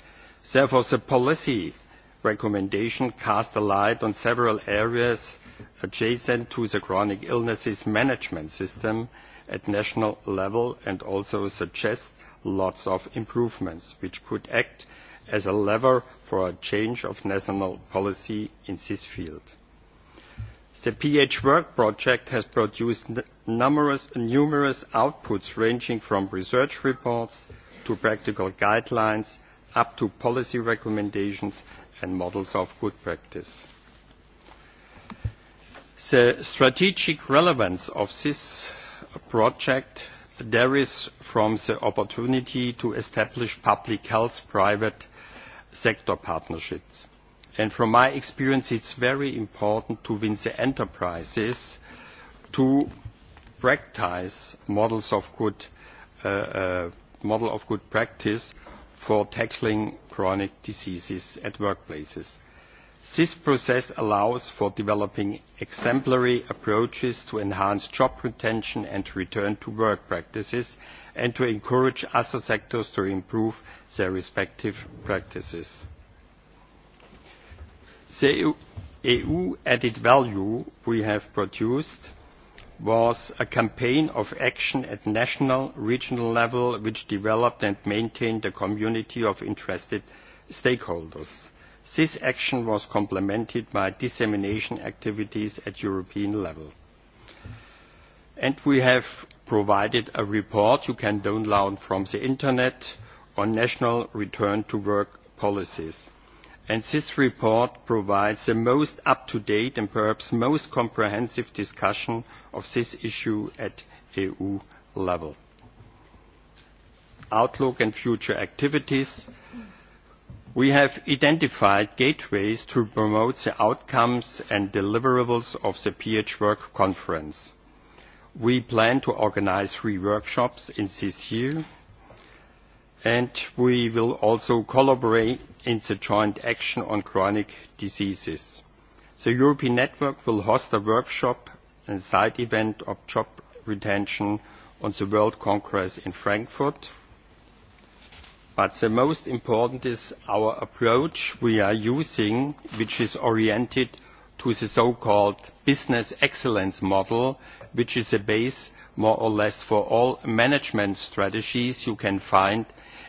therefore the policy recommendation casts a light on several areas adjacent to the chronic illnesses management system at national level and also suggests lots of improvements which could act as a lever for a change of national policy in this field. The PH Work project has produced numerous, numerous outputs ranging from research reports to practical guidelines up to policy recommendations and models of good practice. The strategic relevance of this project varies from the opportunity to establish public health private sector partnerships. And from my experience, it's very important to win the enterprises to practice models of good, uh, uh, model of good practice for tackling chronic diseases at workplaces this process allows for developing exemplary approaches to enhance job retention and return to work practices and to encourage other sectors to improve their respective practices. the eu added value we have produced was a campaign of action at national and regional level which developed and maintained a community of interested stakeholders This action was complemented by dissemination activities at European level. And we have provided a report you can download from the internet on national return to work policies. And this report provides the most up-to-date and perhaps most comprehensive discussion of this issue at EU level. Outlook and future activities we have identified gateways to promote the outcomes and deliverables of the PHWork conference. We plan to organise three workshops in this year, and we will also collaborate in the joint action on chronic diseases. The European Network will host a workshop and side event of job retention on the World Congress in Frankfurt but the most important is our approach we are using which is oriented to the so called business excellence model which is a base more or less for all management strategies you can find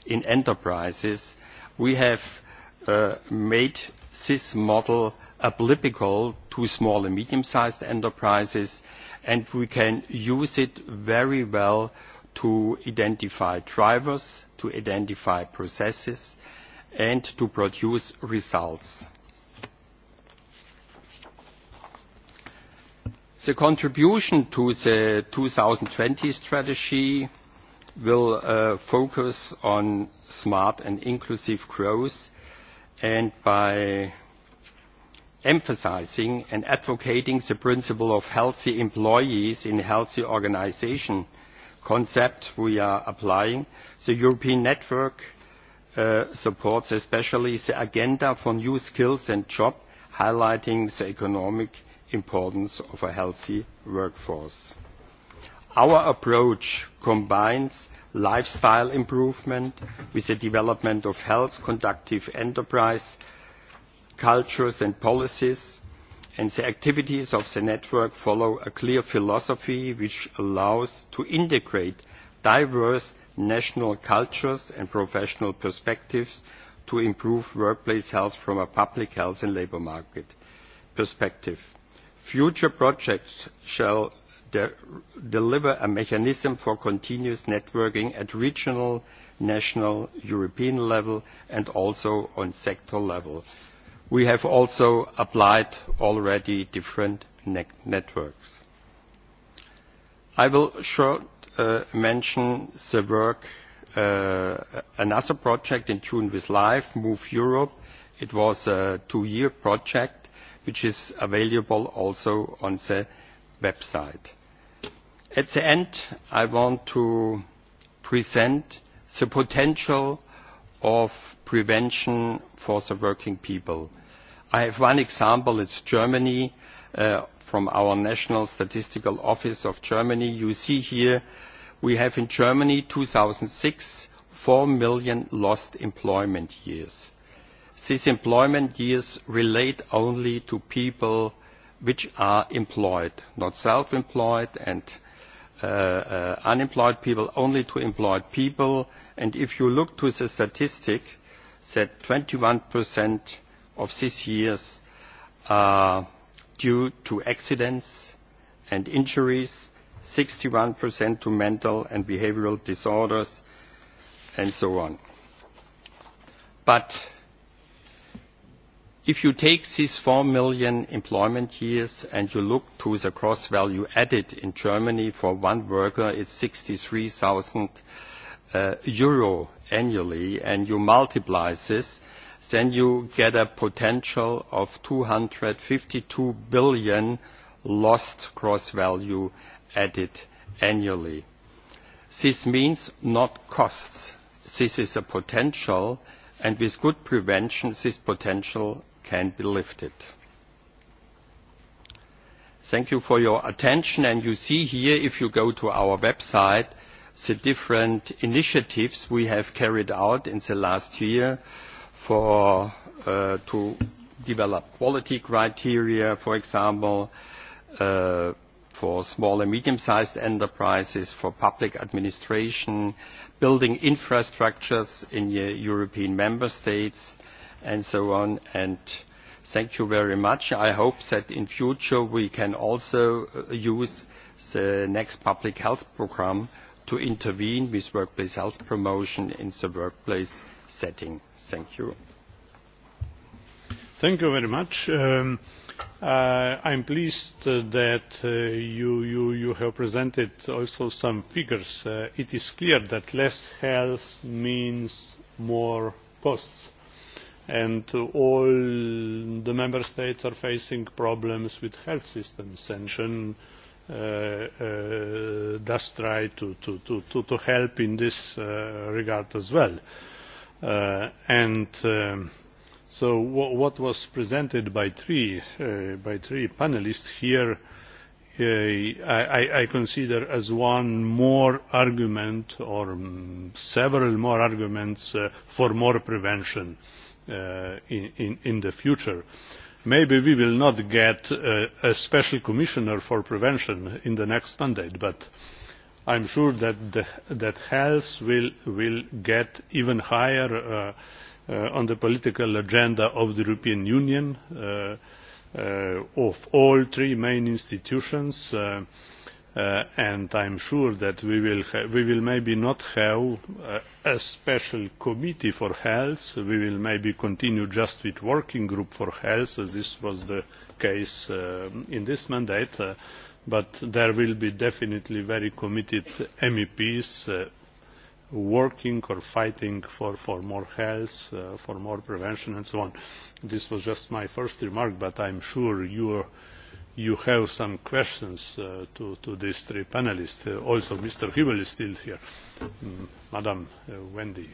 in enterprises. we have made this model applicable to small and medium sized enterprises and we can use it very well to identify drivers, to identify processes, and to produce results. The contribution to the 2020 strategy will uh, focus on smart and inclusive growth and by emphasizing and advocating the principle of healthy employees in healthy organizations concept we are applying. The European network supports especially the agenda for new skills and jobs, highlighting the economic importance of a healthy workforce. Our approach combines lifestyle improvement with the development of health conductive enterprise cultures and policies and the activities of the network follow a clear philosophy which allows to integrate diverse national cultures and professional perspectives to improve workplace health from a public health and labour market perspective. Future projects shall deliver a mechanism for continuous networking at regional, national, European level and also on sector level We have also applied already different networks. I will uh, mention the work, another project in tune with Life, Move Europe. It was a two-year project, which is available also on the website. At the end, I want to present the potential of prevention for the working people I have one example. It's Germany uh, from our National Statistical Office of Germany. You see here we have in Germany 2006 4 million lost employment years. These employment years relate only to people which are employed, not self-employed and uh, uh, unemployed people, only to employed people. And if you look to the statistic, that 21 percent of this years are due to accidents and injuries, 61% to mental and behavioral disorders, and so on. But if you take these 4 million employment years and you look to the cross value added in Germany for one worker, it's 63,000 uh, euro annually, and you multiply this, then you get a potential of 252 billion lost cross-value added annually. This means not costs. This is a potential, and with good prevention, this potential can be lifted. Thank you for your attention, and you see here, if you go to our website, the different initiatives we have carried out in the last year for uh, to develop quality criteria, for example, uh, for small and medium-sized enterprises, for public administration, building infrastructures in the European member states, and so on. And thank you very much. I hope that in future we can also use the next public health program to intervene with workplace health promotion in the workplace setting. Thank you. Thank you very much. Um, uh, I'm pleased that uh, you, you, you have presented also some figures. Uh, it is clear that less health means more costs and all the member states are facing problems with health systems and uh, does try to, to, to, to help in this regard as well and so what was presented by three panellists here i consider as one more argument or several more arguments for more prevention in the future. maybe we will not get a special commissioner for prevention in the next mandate but i am sure that health will get even higher on the political agenda of the european union of all three main institutions and i am sure that we will maybe not have a special committee for health we will maybe continue just with the working group for health as was the case in this mandate but there will be definitely very committed meps working or fighting for, for more health, for more prevention and so on. This was just my first remark, but I am sure you, have some questions to, these three panellists. also, Mr. Hubel is still here. Madam Wendy.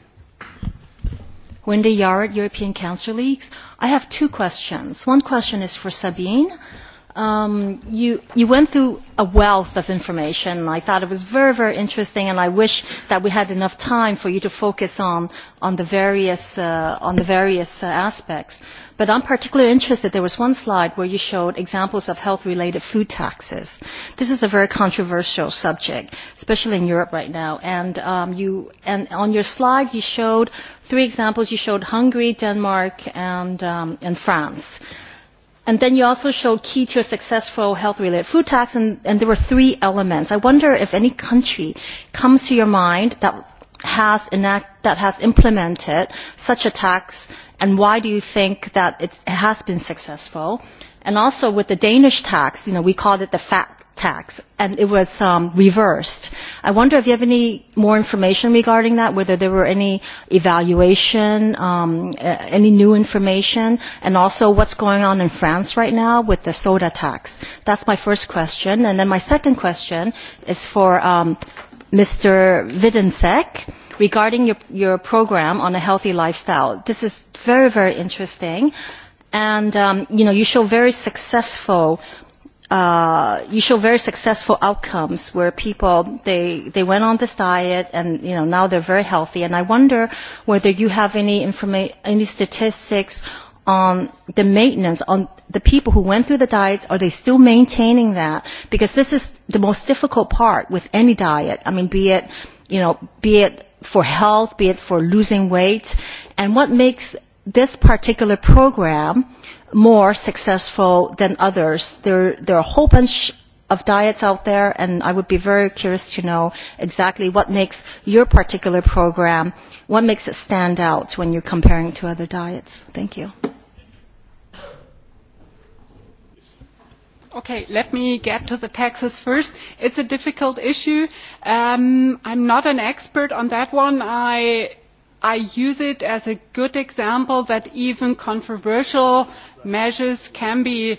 Wendy Yard, European Council Leagues. I have two questions. One question is for Sabine um, you, you went through a wealth of information. I thought it was very, very interesting, and I wish that we had enough time for you to focus on, on the various, uh, on the various uh, aspects. But I'm particularly interested, there was one slide where you showed examples of health-related food taxes. This is a very controversial subject, especially in Europe right now. And, um, you, and on your slide, you showed three examples. You showed Hungary, Denmark, and, um, and France. And then you also show key to a successful health-related food tax, and, and there were three elements. I wonder if any country comes to your mind that has enact, that has implemented such a tax, and why do you think that it has been successful? And also with the Danish tax, you know, we called it the fat tax and it was um, reversed. I wonder if you have any more information regarding that, whether there were any evaluation, um, uh, any new information, and also what's going on in France right now with the soda tax. That's my first question. And then my second question is for um, Mr. Vidensek regarding your, your program on a healthy lifestyle. This is very, very interesting. And, um, you know, you show very successful uh, you show very successful outcomes where people they they went on this diet and you know now they're very healthy and I wonder whether you have any informa- any statistics on the maintenance on the people who went through the diets are they still maintaining that because this is the most difficult part with any diet I mean be it you know be it for health be it for losing weight and what makes this particular program more successful than others. There, there are a whole bunch of diets out there, and I would be very curious to know exactly what makes your particular program, what makes it stand out when you're comparing to other diets. Thank you. Okay, let me get to the taxes first. It's a difficult issue. Um, I'm not an expert on that one. I I use it as a good example that even controversial measures can be,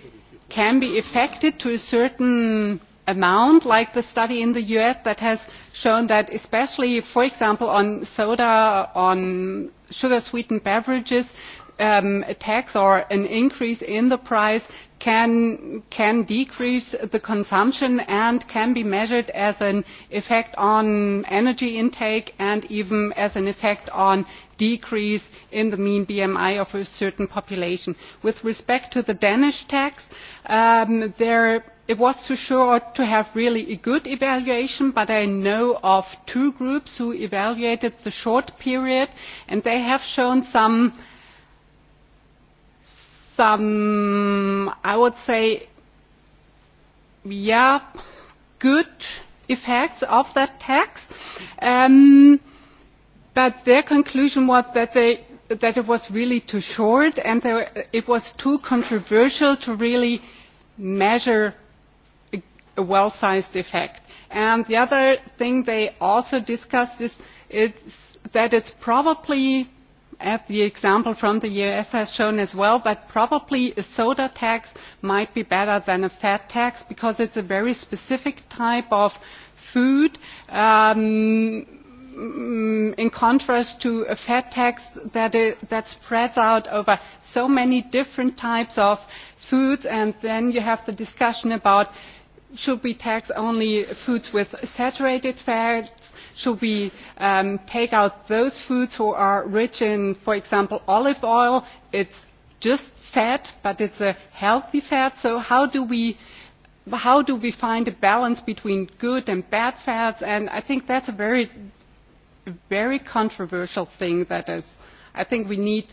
can be to a certain amount, like the study in the US that has shown that especially, for example, on soda, on sugar-sweetened beverages, um, a tax or an increase in the price can, can decrease the consumption and can be measured as an effect on energy intake and even as an effect on decrease in the mean BMI of a certain population. With respect to the Danish tax, um, there it was too short to have really a good evaluation but i know of two groups who evaluated the short period and they have shown some some, I would say, yeah, good effects of that tax. Um, but their conclusion was that, they, that it was really too short and they it was too controversial to really measure a, a well-sized effect. And the other thing they also discussed is it's, that it's probably as the example from the us has shown as well but probably a soda tax might be better than a fat tax because it is a very specific type of food in contrast to a fat tax that spreads out over so many different types of foods and then you have the discussion about should we tax only foods with saturated fats? Should we um, take out those foods who are rich in, for example, olive oil? It's just fat, but it's a healthy fat. So how do we how do we find a balance between good and bad fats? And I think that's a very, very controversial thing that is, I think we need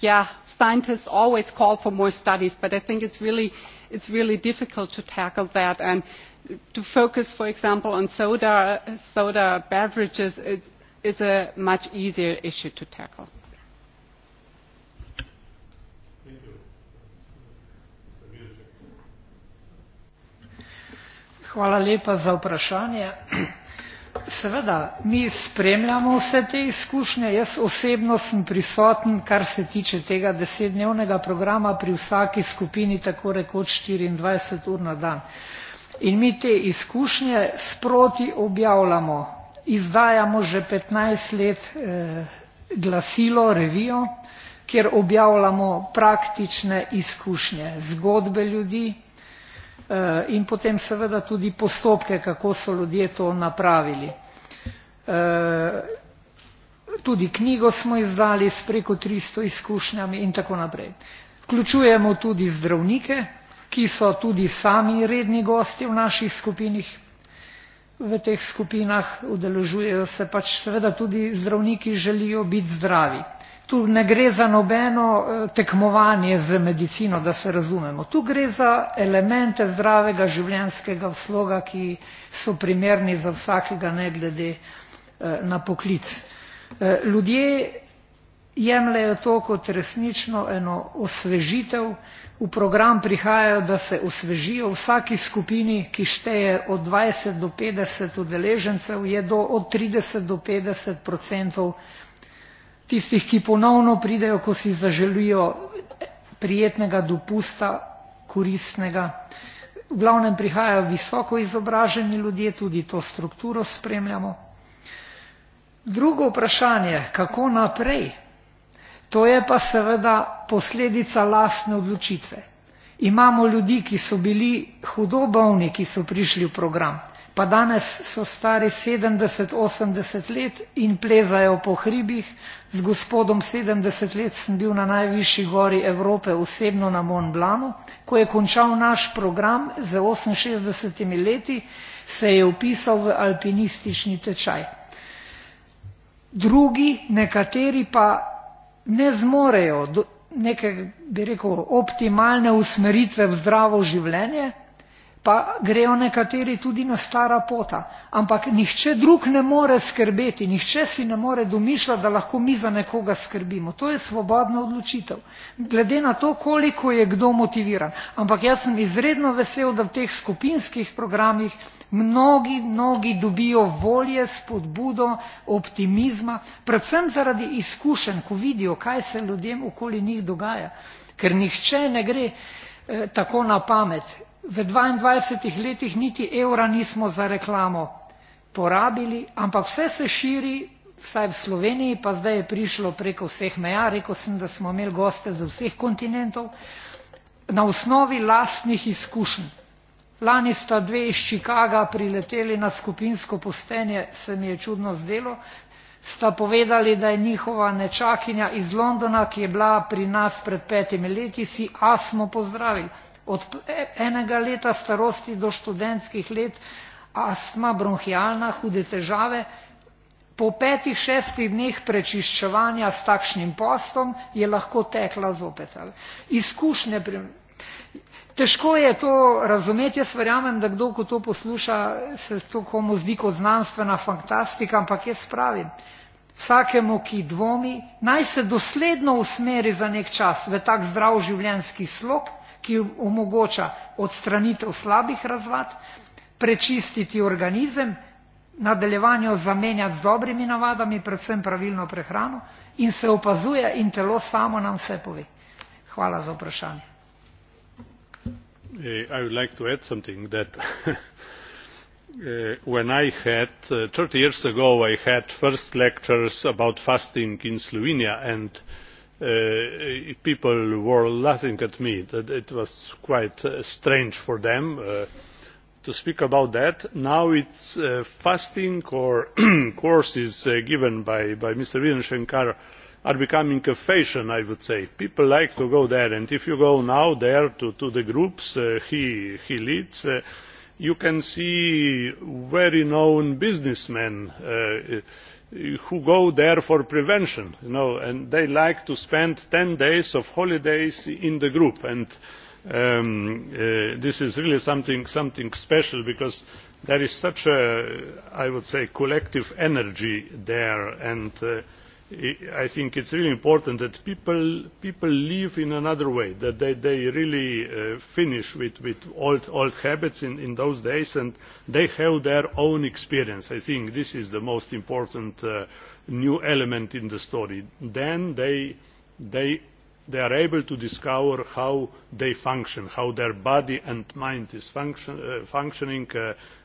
yeah, scientists always call for more studies, but I think it's really it's really difficult to tackle that. And to focus, for example, on soda, soda beverages it, is a much easier issue to tackle. Hvala lepa za vprašanje seveda, mi spremljamo vse te izkušnje, jaz osebno sem prisoten, kar se tiče tega desetdnevnega programa pri vsaki skupini tako rekoč 24 ur na dan. In mi te izkušnje sproti objavljamo, izdajamo že 15 let eh, glasilo, revijo, kjer objavljamo praktične izkušnje, zgodbe ljudi, in potem seveda tudi postopke, kako so ljudje to napravili. Tudi knjigo smo izdali s preko 300 izkušnjami in tako naprej. Vključujemo tudi zdravnike, ki so tudi sami redni gosti v naših skupinih. V teh skupinah udeležujejo se pač seveda tudi zdravniki želijo biti zdravi tu ne gre za nobeno tekmovanje z medicino, da se razumemo. Tu gre za elemente zdravega življenjskega sloga, ki so primerni za vsakega, ne glede na poklic. Ljudje jemljajo to kot resnično eno osvežitev, v program prihajajo, da se osvežijo, v vsaki skupini, ki šteje od 20 do 50 udeležencev, je do, od 30 do 50 odstotkov tistih, ki ponovno pridejo, ko si zaželijo prijetnega dopusta, koristnega. V glavnem prihajajo visoko izobraženi ljudje, tudi to strukturo spremljamo. Drugo vprašanje, kako naprej, to je pa seveda posledica lastne odločitve. Imamo ljudi, ki so bili hudo bolni, ki so prišli v program pa danes so stari 70, 80 let in plezajo po hribih. Z gospodom 70 let sem bil na najvišji gori Evrope, osebno na Mont Blanu. Ko je končal naš program z 68 leti, se je upisal v alpinistični tečaj. Drugi, nekateri pa ne zmorejo neke, bi rekel, optimalne usmeritve v zdravo življenje, pa grejo nekateri tudi na stara pota. Ampak nihče drug ne more skrbeti, nihče si ne more domišljati, da lahko mi za nekoga skrbimo. To je svobodna odločitev. Glede na to, koliko je kdo motiviran. Ampak jaz sem izredno vesel, da v teh skupinskih programih mnogi, mnogi dobijo volje, spodbudo, optimizma, predvsem zaradi izkušenj, ko vidijo, kaj se ljudem okoli njih dogaja. Ker nihče ne gre tako na pamet v dvaindvajsetih letih niti evra nismo za reklamo porabili, ampak vse se širi, vsaj v Sloveniji, pa zdaj je prišlo preko vseh meja, rekel sem, da smo imeli goste z vseh kontinentov, na osnovi lastnih izkušenj. Lani sta dve iz Čikaga prileteli na skupinsko postenje, se mi je čudno zdelo, sta povedali, da je njihova nečakinja iz Londona, ki je bila pri nas pred petimi leti, si astmo pozdravila od enega leta starosti do študentskih let astma, bronhialna, hude težave. Po petih, šestih dneh prečiščevanja s takšnim postom je lahko tekla zopet. Izkušnje pri Težko je to razumeti, jaz verjamem, da kdo, ko to posluša, se to komu zdi kot znanstvena fantastika, ampak jaz pravim, vsakemu, ki dvomi, naj se dosledno usmeri za nek čas v tak zdrav življenski slog ki omogoča odstranitev slabih razvad, prečistiti organizem, nadaljevanje zamenjati z dobrimi navadami, predvsem pravilno prehrano in se opazuje in telo samo nam vse pove. Hvala za vprašanje. I would like to add something that when I had uh, 30 years ago I had first lectures about fasting in Slovenia and uh, people were laughing at me that it was quite strange for them to speak about that. now it is fasting or courses given by mr widenschenker are becoming a fashion i would say. people like to go there and if you go now there to the groups he leads you can see very known businessmen who go there for prevention and they like to spend ten days of holidays in the group this is really something special because there is such a i would say collective energy there and i think it is really important that people live in another way that they really finish with old habits in those days and they have their own experience. i think this is the most important new element in the story. then they they are able to discover how they function how their body and mind are functioning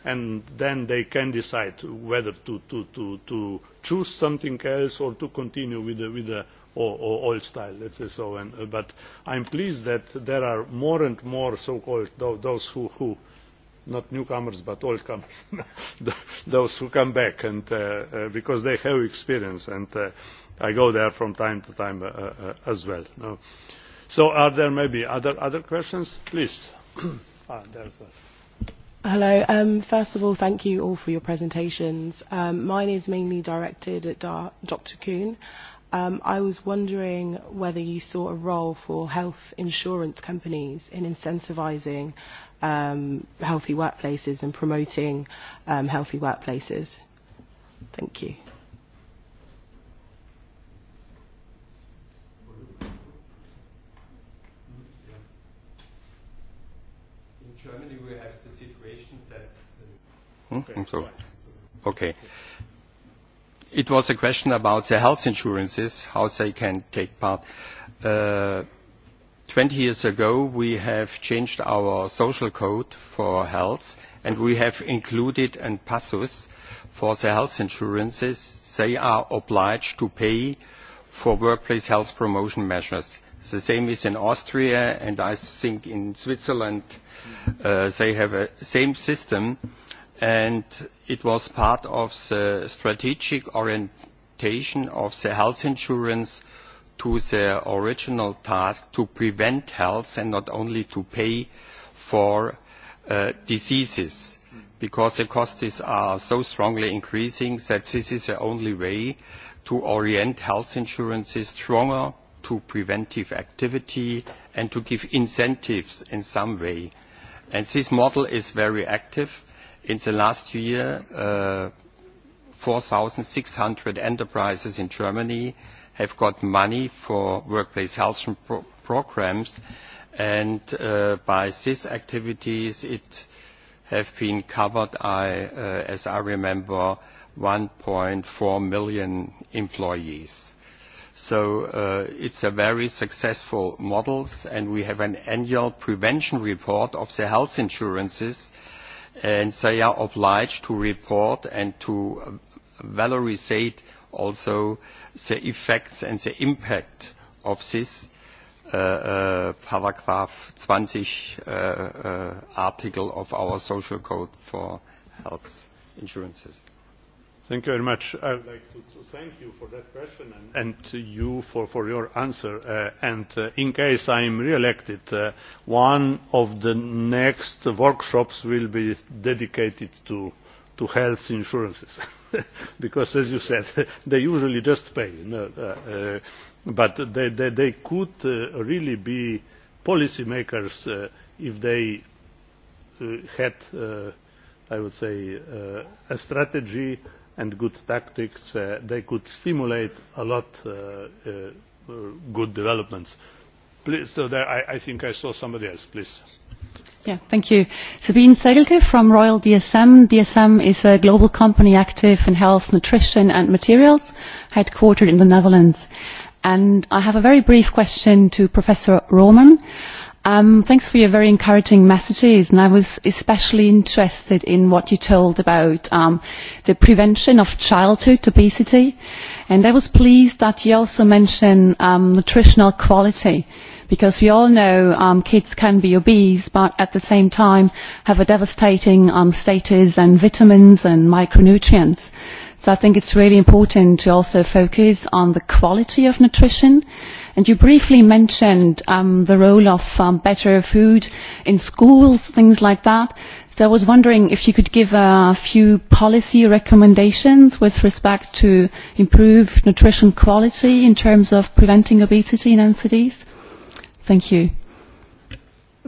and then they can decide whether to choose something else or to continue with the old style let us say so. but i am pleased that there are more and more so called those who not newcomers but old comers those who come back and because they have experience and I go there from time to time uh, uh, as well. No? So are there maybe other, other questions? Please. ah, there as well. Hello. Um, first of all, thank you all for your presentations. Um, mine is mainly directed at Dr. Kuhn. Um, I was wondering whether you saw a role for health insurance companies in incentivising um, healthy workplaces and promoting um, healthy workplaces. Thank you. Okay. It was a question about the health insurances, how they can take part. Uh, 20 years ago, we have changed our social code for health, and we have included a passus for the health insurances. They are obliged to pay for workplace health promotion measures. The same is in Austria, and I think in Switzerland, uh, they have a same system and it was part of the strategic orientation of the health insurance to the original task to prevent health and not only to pay for diseases because the costs are so strongly increasing that this is the only way to orient health insurances stronger to preventive activity and to give incentives in some way. this model is very active In the last year, uh, 4,600 enterprises in Germany have got money for workplace health pro programs, and uh, by these activities, it have been covered, I, uh, as I remember, 1.4 million employees. So uh, it's a very successful model, and we have an annual prevention report of the health insurances and they are obliged to report and to valorisate also the effects and the impact of this paragraph 20 article of our social code for health insurances. Thank you very much. I would like to, to thank you for that question and, and you for, for your answer. Uh, and uh, in case I am re-elected, uh, one of the next workshops will be dedicated to, to health insurances. because, as you said, they usually just pay. know, uh, uh, but they, they, they could uh, really be policymakers uh, if they uh, had, uh, I would say, uh, a strategy and good tactics they could stimulate a lot of good developments. so there, I, I think I saw somebody else. Please. Yeah, thank you. Sabine Segelke from Royal DSM. DSM is a global company active in health, nutrition and materials, headquartered in the Netherlands. And I have a very brief question to Professor Roman Um, thanks for your very encouraging messages, and I was especially interested in what you told about um, the prevention of childhood obesity, and I was pleased that you also mentioned um, nutritional quality, because we all know um, kids can be obese, but at the same time have a devastating um, status and vitamins and micronutrients. So I think it's really important to also focus on the quality of nutrition And you briefly mentioned um, the role of um, better food in schools, things like that. So I was wondering if you could give a few policy recommendations with respect to improve nutrition quality in terms of preventing obesity in NCDs. Thank you.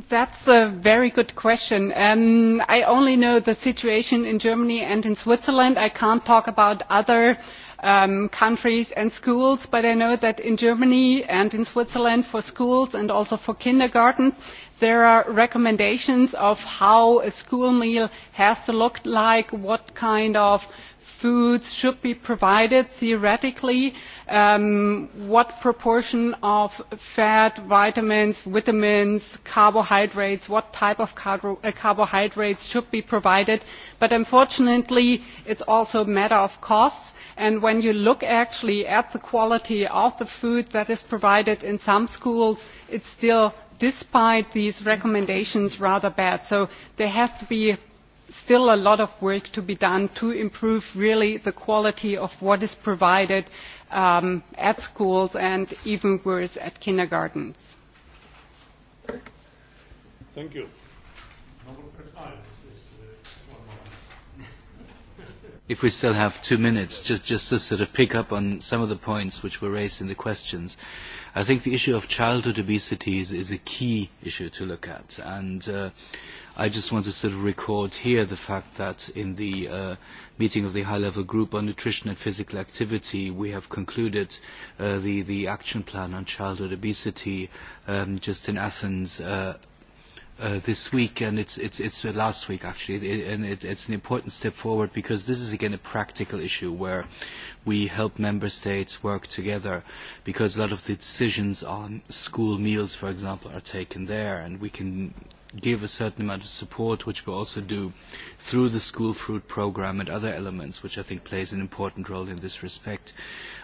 That's a very good question. Um, I only know the situation in Germany and in Switzerland. I can't talk about other uh, countries and schools but i know that in germany and in switzerland for schools and also for kindergarten there are recommendations on how a school meal has to look like what kind of foods should be provided theoretically what proportion of fat vitamins vitamins carbohydrates what type of carbohydrates should be provided but unfortunately it is also a matter of costs and when you look actually at the quality of the food that is provided in some schools it is still despite these recommendations rather bad so there has to be still a lot of work to be done to improve really the quality of what is provided um, at schools and even worse at kindergartens. Thank you. If we still have two minutes, just, just to sort of pick up on some of the points which were raised in the questions, I think the issue of childhood obesity is, is a key issue to look at. And uh, I just want to sort of record here the fact that in the uh, meeting of the high-level group on nutrition and physical activity, we have concluded uh, the, the action plan on childhood obesity um, just in Athens uh, uh, this week, and it's it's it's uh, last week actually, it, and it, it's an important step forward because this is again a practical issue where we help member states work together, because a lot of the decisions on school meals, for example, are taken there, and we can give a certain amount of support, which we also do through the School Fruit Programme and other elements, which I think plays an important role in this respect.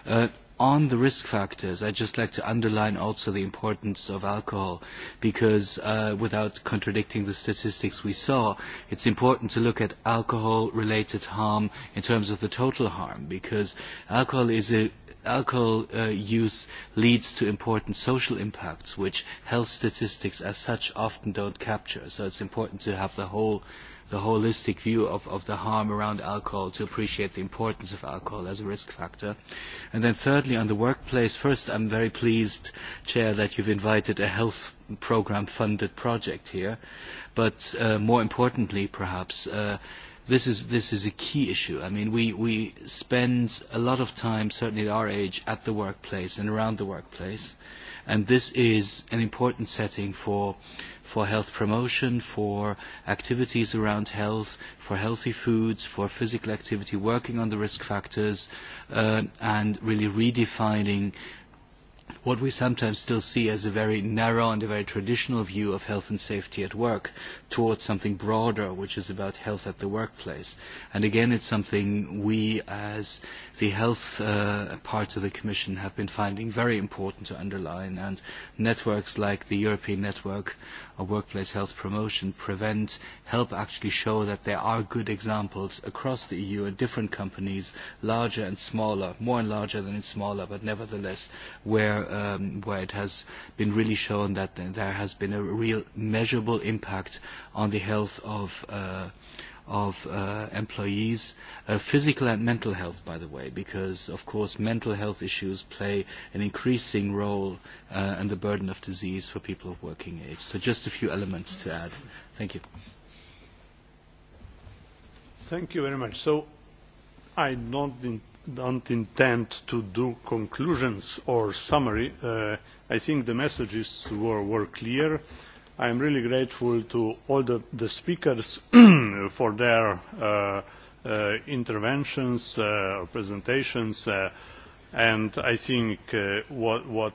Uh, on the risk factors, I'd just like to underline also the importance of alcohol, because uh, without contradicting the statistics we saw, it's important to look at alcohol-related harm in terms of the total harm, because alcohol is a alcohol use leads to important social impacts which health statistics as such often do not capture. So it is important to have the whole the holistic view of, of the harm around alcohol to appreciate the importance of alcohol as a risk factor. And then thirdly, on the workplace, first, I'm very pleased, Chair, that you've invited a health program funded project here. But uh, more importantly, perhaps, uh, this is this is a key issue. I mean, we we spend a lot of time, certainly at our age, at the workplace and around the workplace, and this is an important setting for for health promotion, for activities around health, for healthy foods, for physical activity, working on the risk factors, uh, and really redefining what we sometimes still see as a very narrow and a very traditional view of health and safety at work towards something broader, which is about health at the workplace. And again, it's something we, as the health uh, part of the Commission, have been finding very important to underline. And networks like the European Network of Workplace Health Promotion, PREVENT, help actually show that there are good examples across the EU and different companies, larger and smaller, more and larger than in smaller, but nevertheless, where um, where it has been really shown that there has been a real measurable impact on the health of, uh, of uh, employees, uh, physical and mental health, by the way, because, of course, mental health issues play an increasing role uh, in the burden of disease for people of working age. So just a few elements to add. Thank you. Thank you very much. So I don't don't intend to do conclusions or summary. I think the messages were, clear. I am really grateful to all the, speakers for their interventions, and presentations, and I think what, what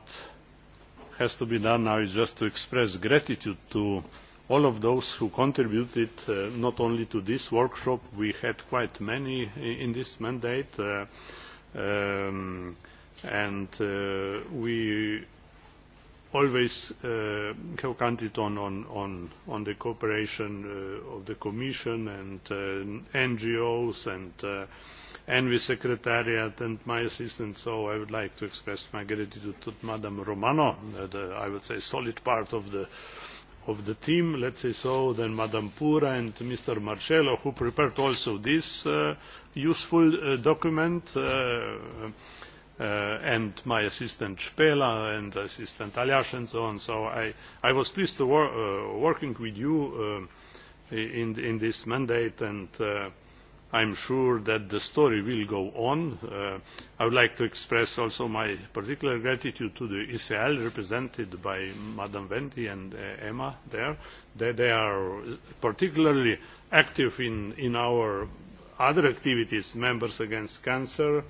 has to be done now is just to express gratitude to all of those who contributed not only to this workshop we had quite many in this mandate and we always have counted on the cooperation of the commission and ngos and envi secretariat and my assistant so i would like to express my gratitude to ms romano i would say a solid part of the of the team, let us say so, then Madam Pura and Mr. Marcello, who prepared also this useful document, and my assistant Spela and assistant Aliash and so on. So I, I was pleased to work working with you in, in this mandate and I am sure that the story will go on. I would like to express also my particular gratitude to the ECL, represented by Madam Venti and Emma there. They, they are particularly active in, in our other activities, Members Against Cancer.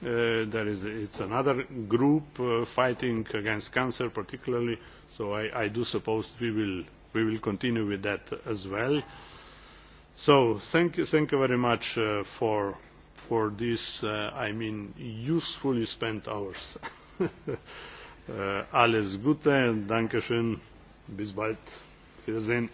there is it's another group fighting against cancer particularly, so I, I do suppose we will, we will continue with that as well So thank you, thank you very much uh, for for these, uh, I mean, usefully spent hours. uh, alles Gute, schön bis bald, Wiedersehen.